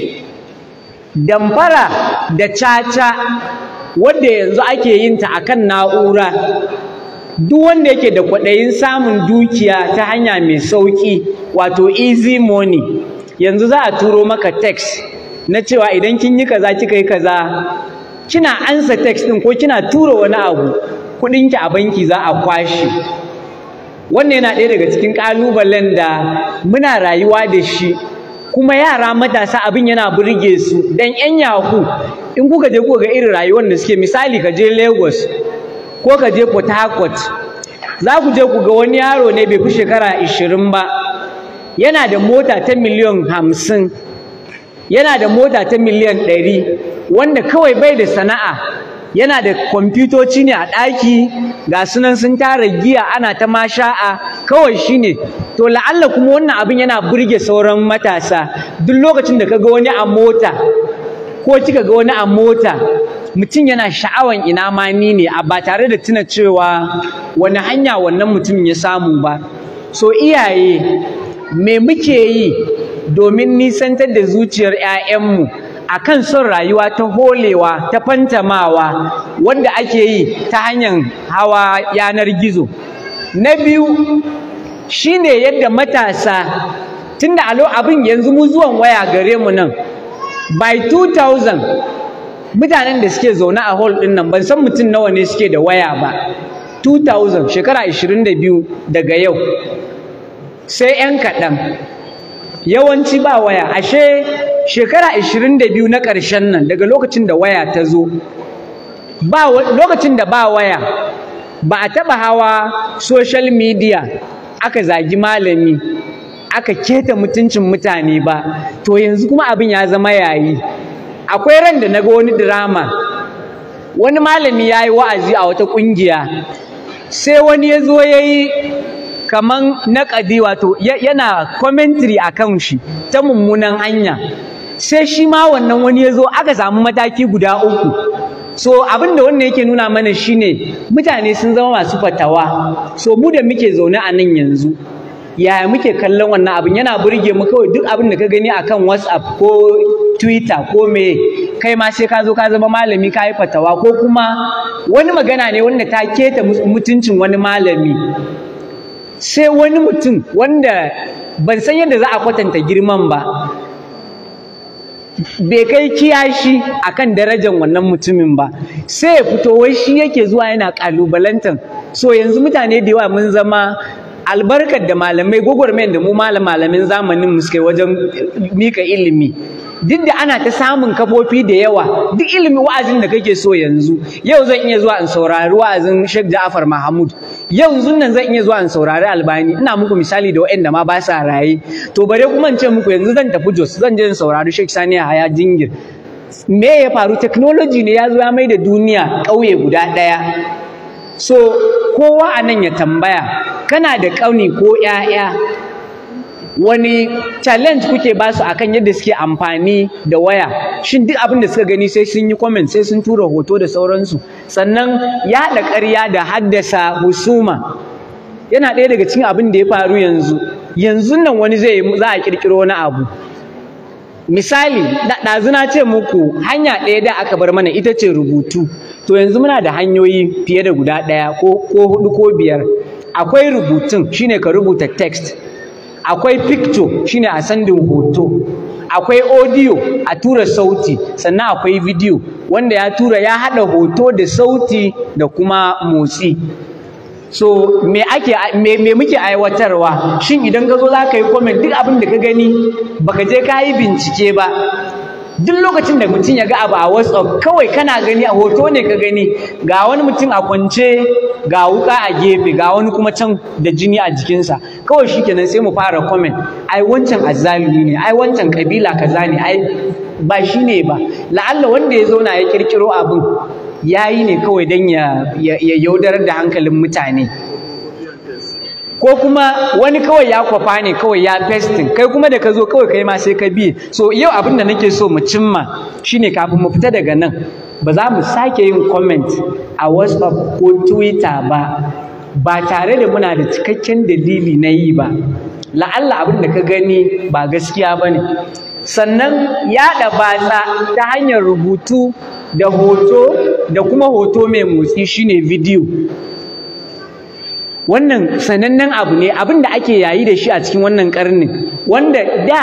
damfara da caca wadda yanzu ake yin ta akan na'ura duk wanda yake da kwaɗayin samun dukiya ta hanya mai sauƙi wato easy money yanzu za a turo maka text na cewa idan kin yi kaza kika yi kaza kina ansa text din ko kina turo wani abu kudin ki a banki za a kwashi wannan yana ɗaya daga cikin ƙalubalen da muna rayuwa da shi kuma yara matasa abin yana burge su dan yan yahu in kuka je kuka ga irin rayuwar da suke misali ka je Lagos ko ka je Port Harcourt za ku je ku ga wani yaro ne bai fi shekara 20 ba yana da mota ta miliyan hamsin yana da mota ta miliyan ɗari wanda kawai bai da sana'a yana da kwamfutoci ne a ɗaki ga sunan sun tara giya ana ta masha'a kawai shi ne to la'alla kuma wannan abin yana burge sauran matasa duk lokacin da ka ga wani a mota ko kika ga wani a mota mutum yana sha'awan ina ma ni ne a ba tare da tuna cewa wani hanya wannan mutum ya samu ba so iyaye me muke yi domin nisantar da zuciyar 'ya'yanmu a kan son rayuwa ta holewa ta fantamawa wanda ake yi ta hanyar hawa yanar gizo na biyu shine yadda matasa tunda alo abin yanzu mu zuwan waya gare mu nan by 2000 mutanen da suke zaune a hall din nan ban san mutum nawa ne suke da waya ba 2000 shekara 22 daga yau sai 'yan kaɗan yawanci ba waya ashe shekara 22 na ƙarshen nan daga lokacin da waya ta zo lokacin da ba waya ba a taɓa hawa social media aka zagi malami aka keta mutuncin mutane ba to yanzu kuma abin ya zama yayi akwai ran da naga wani drama wani malami ya yi wa'azi a wata ƙungiya sai wani ya zo ya yi kaman naƙadi wato yana commentary akan shi ta mummunan hanya sai shi ma wannan wani ya zo aka samu mataki guda uku so abinda da wannan yake nuna mana shine mutane sun zama masu fatawa so mu da muke zaune a nan yanzu yaya muke kallon wannan abin yana burge mu kawai duk abin da ka gani akan whatsapp ko twitter ko me kai ma sai ka zo ka zama malami ka yi fatawa ko kuma wani magana ne wanda ta keta mutuncin wani malami sai wani mutum wanda ban san yadda za a kwatanta girman ba bai kai kiyashi a kan darajar wannan mutumin ba sai ya fito wai shi yake zuwa yana kalubalantan so yanzu mutane da yawa mun zama albarkar da malamai gwagwarmayar da mu malamin zamanin mu suka wajen mika ilimi duk da ana ta samun kafofi da yawa duk ilimi wa'azin da kake so yanzu yau zan iya zuwa in saurari wa'azin Sheikh Ja'afar Mahmud yanzu nan zan iya zuwa in saurari Albani ina muku misali da waɗanda ma ba sa raye to bare kuma in ce muku yanzu zan tafi Jos zan je in saurari Sheikh Sani Haya Jingir me ya faru technology ne ya zo ya mai da duniya ƙauye guda ɗaya so kowa anan ya tambaya kana da ƙauni ko 'ya'ya wani challenge kuke ba su akan yadda suke amfani da waya shin duk abin da suka gani sai sun yi comment sai sun tura hoto da sauransu sannan yaɗa ƙarya da haddasa husuma yana ɗaya daga cikin abin da ya faru yanzu yanzu nan wani zai za a ƙirƙiro wani abu misali ɗazu na ce muku hanya ɗaya da aka bar mana ita ce rubutu to yanzu muna da hanyoyi fiye da guda ɗaya ko huɗu ko biyar akwai rubutun shine ka rubuta text akwai picture shine a sandin hoto akwai audio a tura sauti sannan akwai video wanda ya tura ya haɗa hoto da sauti da kuma motsi so me ake me, me muke aiwatarwa shin idan ka zo za ka yi comment duk abin da ka gani baka je ka yi bincike ba duk lokacin da mutum ya ga abu a WhatsApp kawai kana gani a hoto ne ka gani ga wani mutum a kwance ga wuka a gefe ga wani kuma can da jini a jikinsa kawai shikenan sai mu fara comment ai wancan azzalumi ne ai wancan kabila kaza ne ai ba shi ne ba la'alla wanda ya zauna ya kirkiro abin yi ne kawai don ya yaudarar da hankalin mutane ko kuma wani kawai ya kwafa ne kawai ya festin kai kuma da ka zo kawai kai ma sai ka biya. so yau abin da nake so mu cimma shine kafin mu fita daga nan ba za mu sake yin comment a whatsapp ko twitter ba ba tare da muna da cikakken dalili na yi ba la'alla abin da ka gani ba gaskiya ba ne sannan yaɗa batsa ta hanyar rubutu da hoto da kuma hoto mai motsi shine video wannan sanannen abu ne abin da ake yayi da shi a cikin wannan karnin wanda da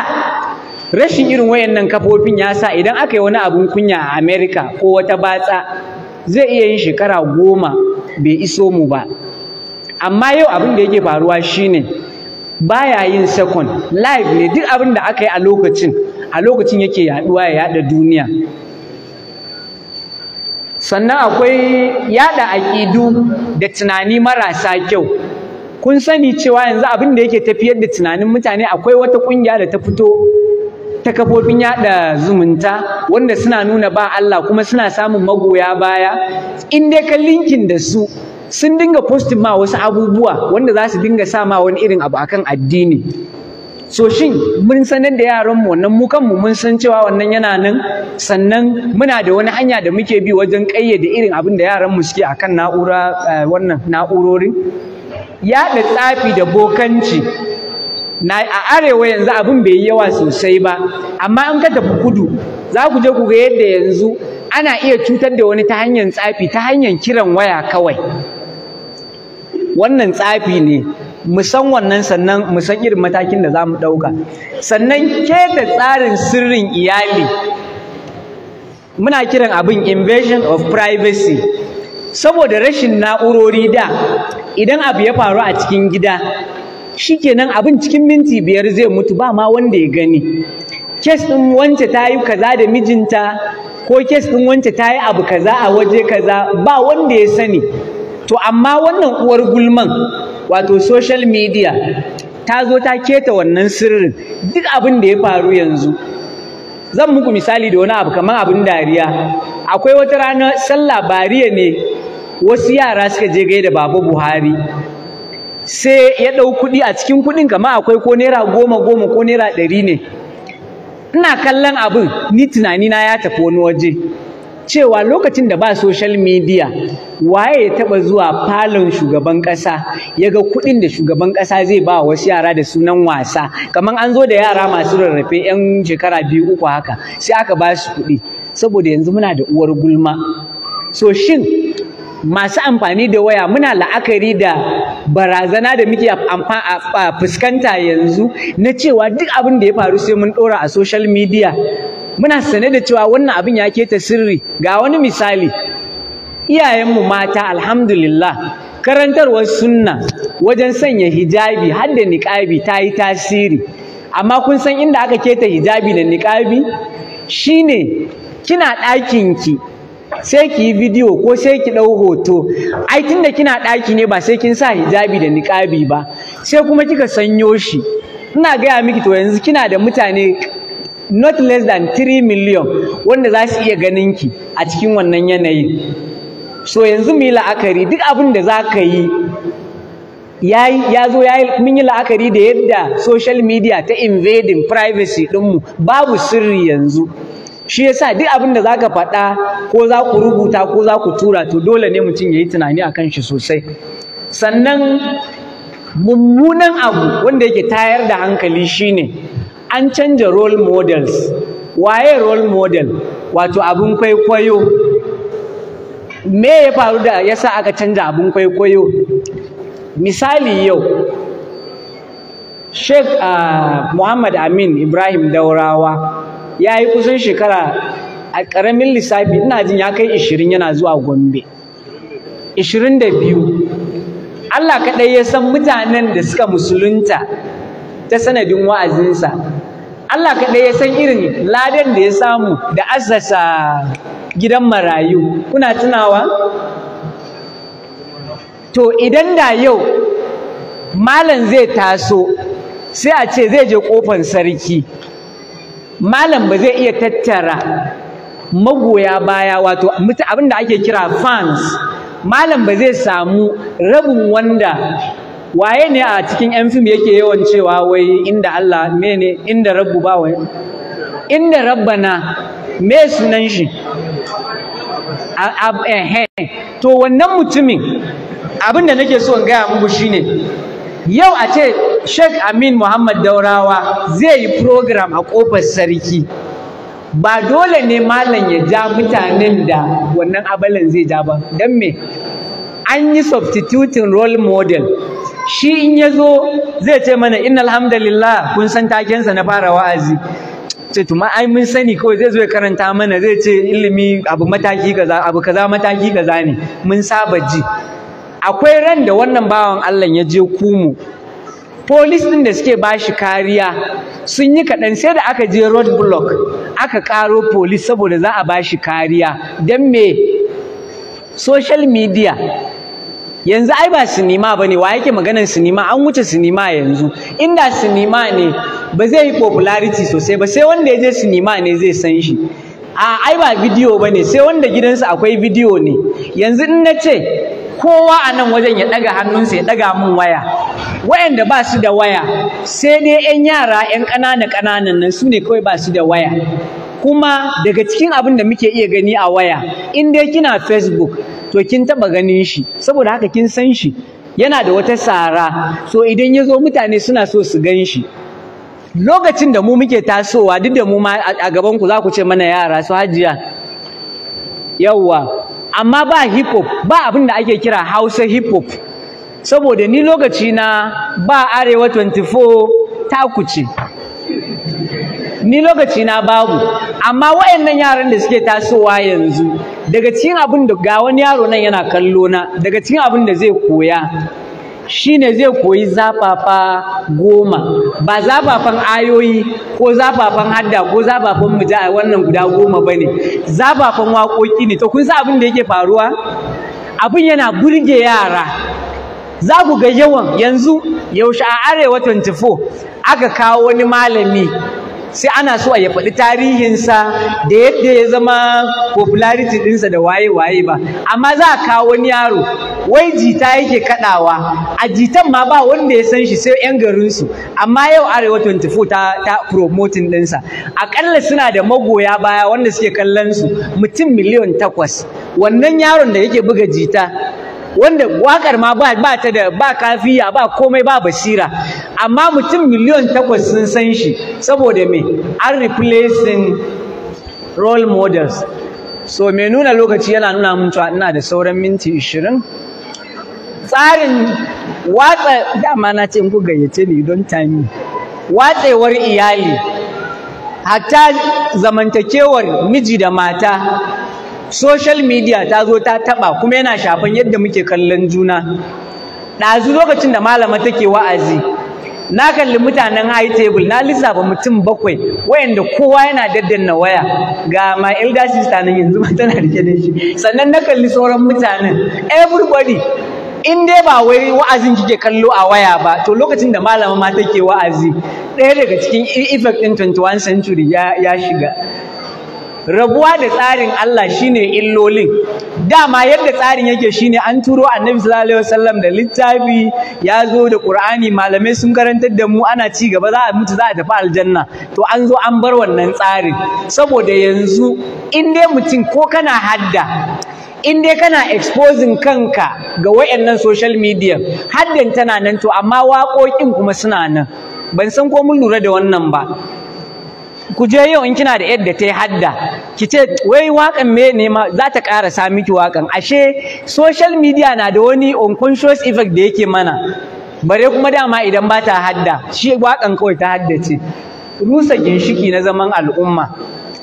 rashin irin wayannan kafofin ya sa idan aka yi wani abun kunya a Amerika ko wata batsa zai iya yin shekara goma bai iso mu ba amma yau abin da yake faruwa shine baya yin second live ne duk abin da aka yi a lokacin a lokacin yake yaduwa ya yada duniya sannan akwai yada aƙidu da tunani marasa kyau kun sani cewa yanzu abin da yake tafiyar da tunanin mutane akwai wata ƙungiya da ta fito ta kafofin yada zumunta wanda suna nuna ba Allah kuma suna samun magoya baya in dai ka linkin da su sun dinga postin ma wasu abubuwa wanda za su dinga sa ma wani irin abu akan addini so shin mun sanar da yaranmu wannan mu kanmu mun san cewa wannan yana nan sannan muna da wani hanya da muke bi wajen ƙayyade irin abin da yaranmu suke akan na'ura eh, wannan na'urorin yaɗa tsafi da bokanci na a arewa yanzu abin bai yi yawa sosai ba amma in ka tafi kudu za ku je ku ga yadda yanzu ana iya cutar da wani ta hanyar tsafi ta hanyar kiran waya kawai wannan tsafi ne mu san wannan sannan mu san irin matakin da za mu ɗauka sannan ke da tsarin sirrin iyali muna kiran abin invasion of privacy saboda rashin na'urori da idan abu ya faru a cikin gida shi shikenan abin cikin minti biyar zai mutu ba ma wanda ya gani kes ɗin wance ta yi kaza da mijinta ko kes ɗin wance ta yi abu kaza a waje kaza ba wanda ya sani to amma wannan uwar gulman wato social media ta zo ta keta wannan sirrin duk abin da ya faru yanzu zan muku misali da wani abu kamar abin dariya akwai wata rana sallah bariya ne wasu yara suka je gaida baba buhari sai ya ɗau kuɗi a cikin kuɗin kamar akwai ko naira goma goma ko naira ɗari ne ina kallon abin ni tunani na ya tafi wani waje cewa lokacin da ba social media waye ya taɓa zuwa falon shugaban ƙasa ya ga kuɗin da shugaban ƙasa zai ba wasu yara da sunan wasa kamar an zo da yara masu rarrafe 'yan shekara biyu uku haka sai aka ba su kuɗi saboda yanzu muna da uwar gulma so shin masu amfani da waya muna la'akari da barazana da muke fuskanta yanzu na cewa duk abin da ya faru sai mun ɗora a social media muna sane da cewa wannan abin ya keta sirri ga wani misali iyayenmu mata alhamdulillah karantarwar sunna wajen sanya hijabi har da niƙabi ta yi tasiri amma kun san inda aka keta hijabi da niƙabi shine kina ɗakinki sai ki yi bidiyo ko sai ki ɗau hoto ai tunda kina ɗaki ne ba sai kin sa hijabi da niƙabi ba sai kuma kika sanyo shi ina gaya miki to yanzu kina da mutane not less than 3 million wanda za su iya ganin ki a cikin wannan yanayin so yanzu mu yi la'akari duk abin da za ka yi ya zo ya mun yi la'akari da yadda social media ta invading privacy dinmu babu sirri yanzu shi yasa duk abin da za ka faɗa ko za ku rubuta ko za ku tura to dole ne mutum ya yi tunani akan shi sosai sannan mummunan abu wanda yake tayar da hankali shine an canja role models waye role model wato abin kwaikwayo me ya faru da yasa aka canja abin kwaikwayo misali yau sheikh uh, muhammad amin ibrahim daurawa ya yi kusan shekara a ƙaramin lissafi ina jin ya kai ishirin yana zuwa gombe ishirin da biyu allah kaɗai ya san mutanen da suka musulunta ta sanadin wa'azinsa Allah kaɗai ya san irin ladan da ya samu da assasa gidan marayu kuna tunawa to idan da yau malam zai taso sai a ce zai je kofan sarki malam ba zai iya tattara magoya baya wato abin da ake kira fans malam ba zai samu rabin wanda waye ne a cikin yan fim yake yawan cewa wai inda Allah mene inda rabbu ba wai inda rabbana me sunan shi to wannan mutumin abin da nake so in gaya muku shine yau a ce Sheikh Amin Muhammad Daurawa zai yi program a kofar sarki ba dole ne malam ya ja mutanen da wannan abalan zai ja ba don me an yi substituting role model shi in ya zo zai ce mana inna alhamdulillah kun san takensa na fara wa'azi ce tuma ai mun sani kawai zai zo ya karanta mana zai ce ilimi abu mataki kaza abu kaza mataki kaza ne mun saba ji akwai ran da wannan bawan Allah ya je kumu polis din da suke bashi kariya sun yi kaɗan sai da aka je road block aka ƙaro polis saboda za a ba shi kariya don me social media yanzu ai ba sinima bane wa yake maganar sinima an wuce sinima yanzu inda sinima ne ba zai yi popularity sosai ba sai wanda ya je sinima ne zai san shi a ai ba bidiyo bane sai wanda gidansa akwai bidiyo ne yanzu in na ce kowa a nan wajen ya ɗaga hannunsa ya ɗaga min waya wayanda ba su da waya sai dai 'yan yara 'yan ƙanana ƙananan nan su ne kawai ba su da waya kuma daga cikin abin da muke iya gani a waya in dai kina facebook to kin taɓa ganin shi saboda haka kin san shi yana da wata tsara so idan ya zo mutane suna so su gan shi lokacin da mu muke tasowa duk da mu ma a gaban ku za ku ce mana yara su hajiya yawwa amma ba hip hop ba abin da ake kira hausa hip hop saboda ni lokaci na ba arewa 24 ku ce ni lokaci na babu amma waɗannan yaran da suke tasowa yanzu daga cikin abin da ga wani yaro nan yana kallo na daga cikin abin da zai koya shine zai koyi zafafa goma ba zafafan ayoyi ko zafafan hadda ko zafafan muja wannan guda goma ba ne. zafafan waƙoƙi ne to kun san abin da yake faruwa abin yana burge yara za ku ga yawan yanzu yaushe a arewa 24 aka kawo wani malami sai ana so a ya faɗi tarihinsa da yadda ya zama popularity ɗinsa da waye-waye ba amma za a kawo wani yaro wai jita yake kaɗawa a jitan ma ba wanda ya san shi sai 'yan garinsu amma yau arewa 24 ta, ta promoting ɗinsa aƙalla suna da magoya baya wanda suke kallon su mutum miliyan takwas wannan yaron da yake buga jita wanda wakar ma ba ta da ba kafiya ba komai ba basira amma mutum miliyon takwas sun san shi saboda mai an replacing role models so me nuna lokaci yana nuna mun cewa ina da sauran minti 20 tsarin watsa dama na ce ku gayyace ni don time watsewar iyali hatta zamantakewar miji da mata social media ta zo ta taɓa kuma yana shafan yadda muke kallon juna ɗazu lokacin da malama take wa'azi na kalli mutanen high table na lissafa mutum bakwai wayanda kowa yana daddanna waya ga ma elder sister nan yanzu ma tana rike da shi sannan na kalli sauran mutanen everybody in dai ba wai wa'azin kike kallo a waya ba to lokacin da malama ma take wa'azi ɗaya daga cikin effect ɗin 21 century ya shiga rabuwa da tsarin Allah shine illolin dama yadda tsarin yake shine an turo annabi sallallahu alaihi wasallam da littafi ya zo da qur'ani malamai sun karantar da mu ana ci gaba za a mutu za a tafi aljanna to an zo an bar wannan tsarin saboda yanzu in dai mutum ko kana hadda in dai kana exposing kanka ga wayannan social media haddan tana nan to amma waƙoƙin kuma suna nan ban san ko mun lura da wannan ba ku je yau in kina da yadda ta yi hadda ki ce wai wakan me ne ma za ta ƙara sa miki wakan ashe social media na da wani unconscious effect da yake mana bare kuma dama idan ba ta hadda shi wakan kawai ta haddace rusa ginshiki na zaman al'umma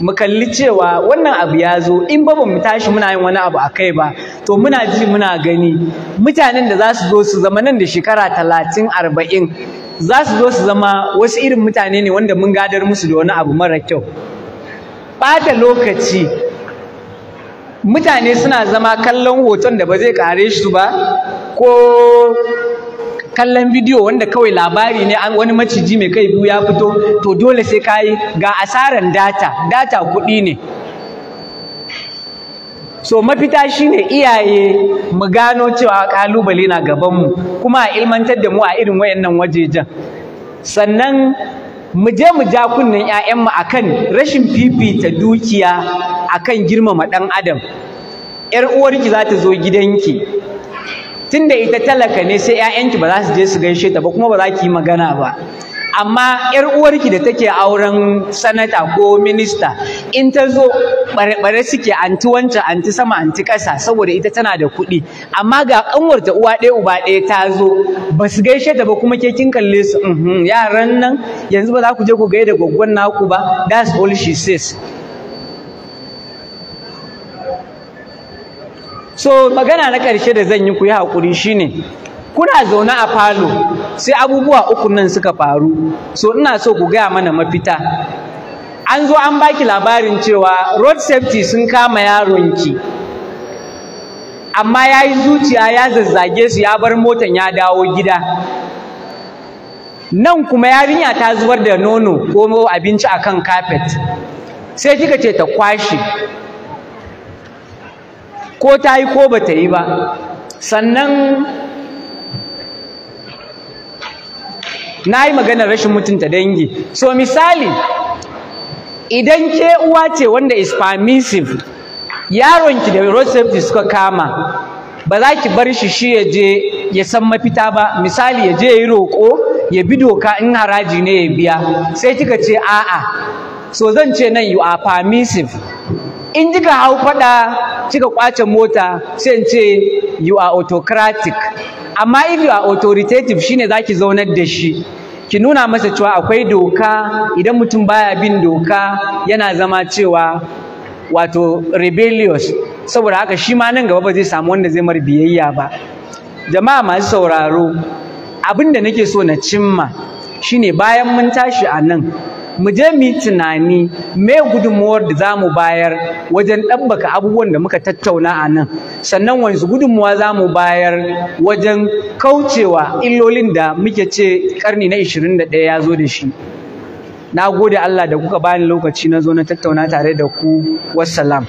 mu kalli cewa wannan abu ya zo in ba mu tashi muna yin wani abu a kai ba to muna ji muna gani mutanen da za su zo su zama nan da shekara talatin arba'in za su zo su zama wasu irin mutane ne wanda mun gadar musu da wani abu mara kyau ɓata lokaci mutane suna zama kallon hoton da ba zai kare su ba ko kallon bidiyo wanda kawai labari ne wani maciji mai kai biyu ya fito to dole sai kayi ga asaran data data kuɗi ne so mafita shine iyaye mu gano cewa kalubale na gaban mu, kuma a ilmantar da mu a irin wayannan wajejen sannan mu je mu ja kunnen mu akan rashin fifita dukiya akan girmama ɗan adam yar uwarki za ta zo gidanki tunda ita talaka ne sai 'ya'yanki ba za su je su gaishe ta ba kuma ba za ki yi magana ba amma yar uwarki da take auren sanata ko minista in ta zo bare suke anti wancan anti sama anti ƙasa saboda ita tana da kuɗi amma ga ƙanwarta uwa ɗaya uba ɗaya ta zo ba su gaishe ta ba kuma ke kin kalle su uhm, yaran nan yanzu ba za ku je ku gaida gwaggwan naku ba that's all she says so magana na ƙarshe da zan yi ku yi haƙuri shine kuna zaune a falo sai abubuwa uku nan suka faru so ina so ku gaya mana mafita an zo an baki labarin cewa road safety sun kama yaronki amma ya yi zuciya ya zazzage su ya bar motan ya dawo gida nan kuma yarinya ta zubar da nono ko abinci akan kafet sai kika ce ta kwashe ko ta yi ko ba ta yi ba sannan na yi maganar rashin mutunta dangi so misali idan ke uwa ce wanda is permissive yaronki da road suka kama ba za ki bar shi shi ya je ya san mafita ba misali ya je ya yi roƙo ya bi doka in haraji ne ya biya sai kika ce a'a so zan ce nan you are permissive in kika hau faɗa cika kwace mota sai in ce you are autocratic amma if you are authoritative shine zaki zaunar da shi ki nuna masa cewa akwai doka idan mutum baya bin doka yana zama cewa wato rebellious saboda haka shi ma nan gaba ba zai samu wanda zai mar biyayya ba jama'a masu sauraro abin da nake so na cimma shine bayan mun tashi a nan mu je mu yi tunani me gudunmuwar da za mu bayar wajen ɗabbaka abubuwan da muka tattauna a nan sannan wani gudunmuwa za mu bayar wajen kaucewa illolin da muke ce karni na 21 ya zo da shi na gode Allah da kuka bani lokaci na zo na tattauna tare da ku wassalam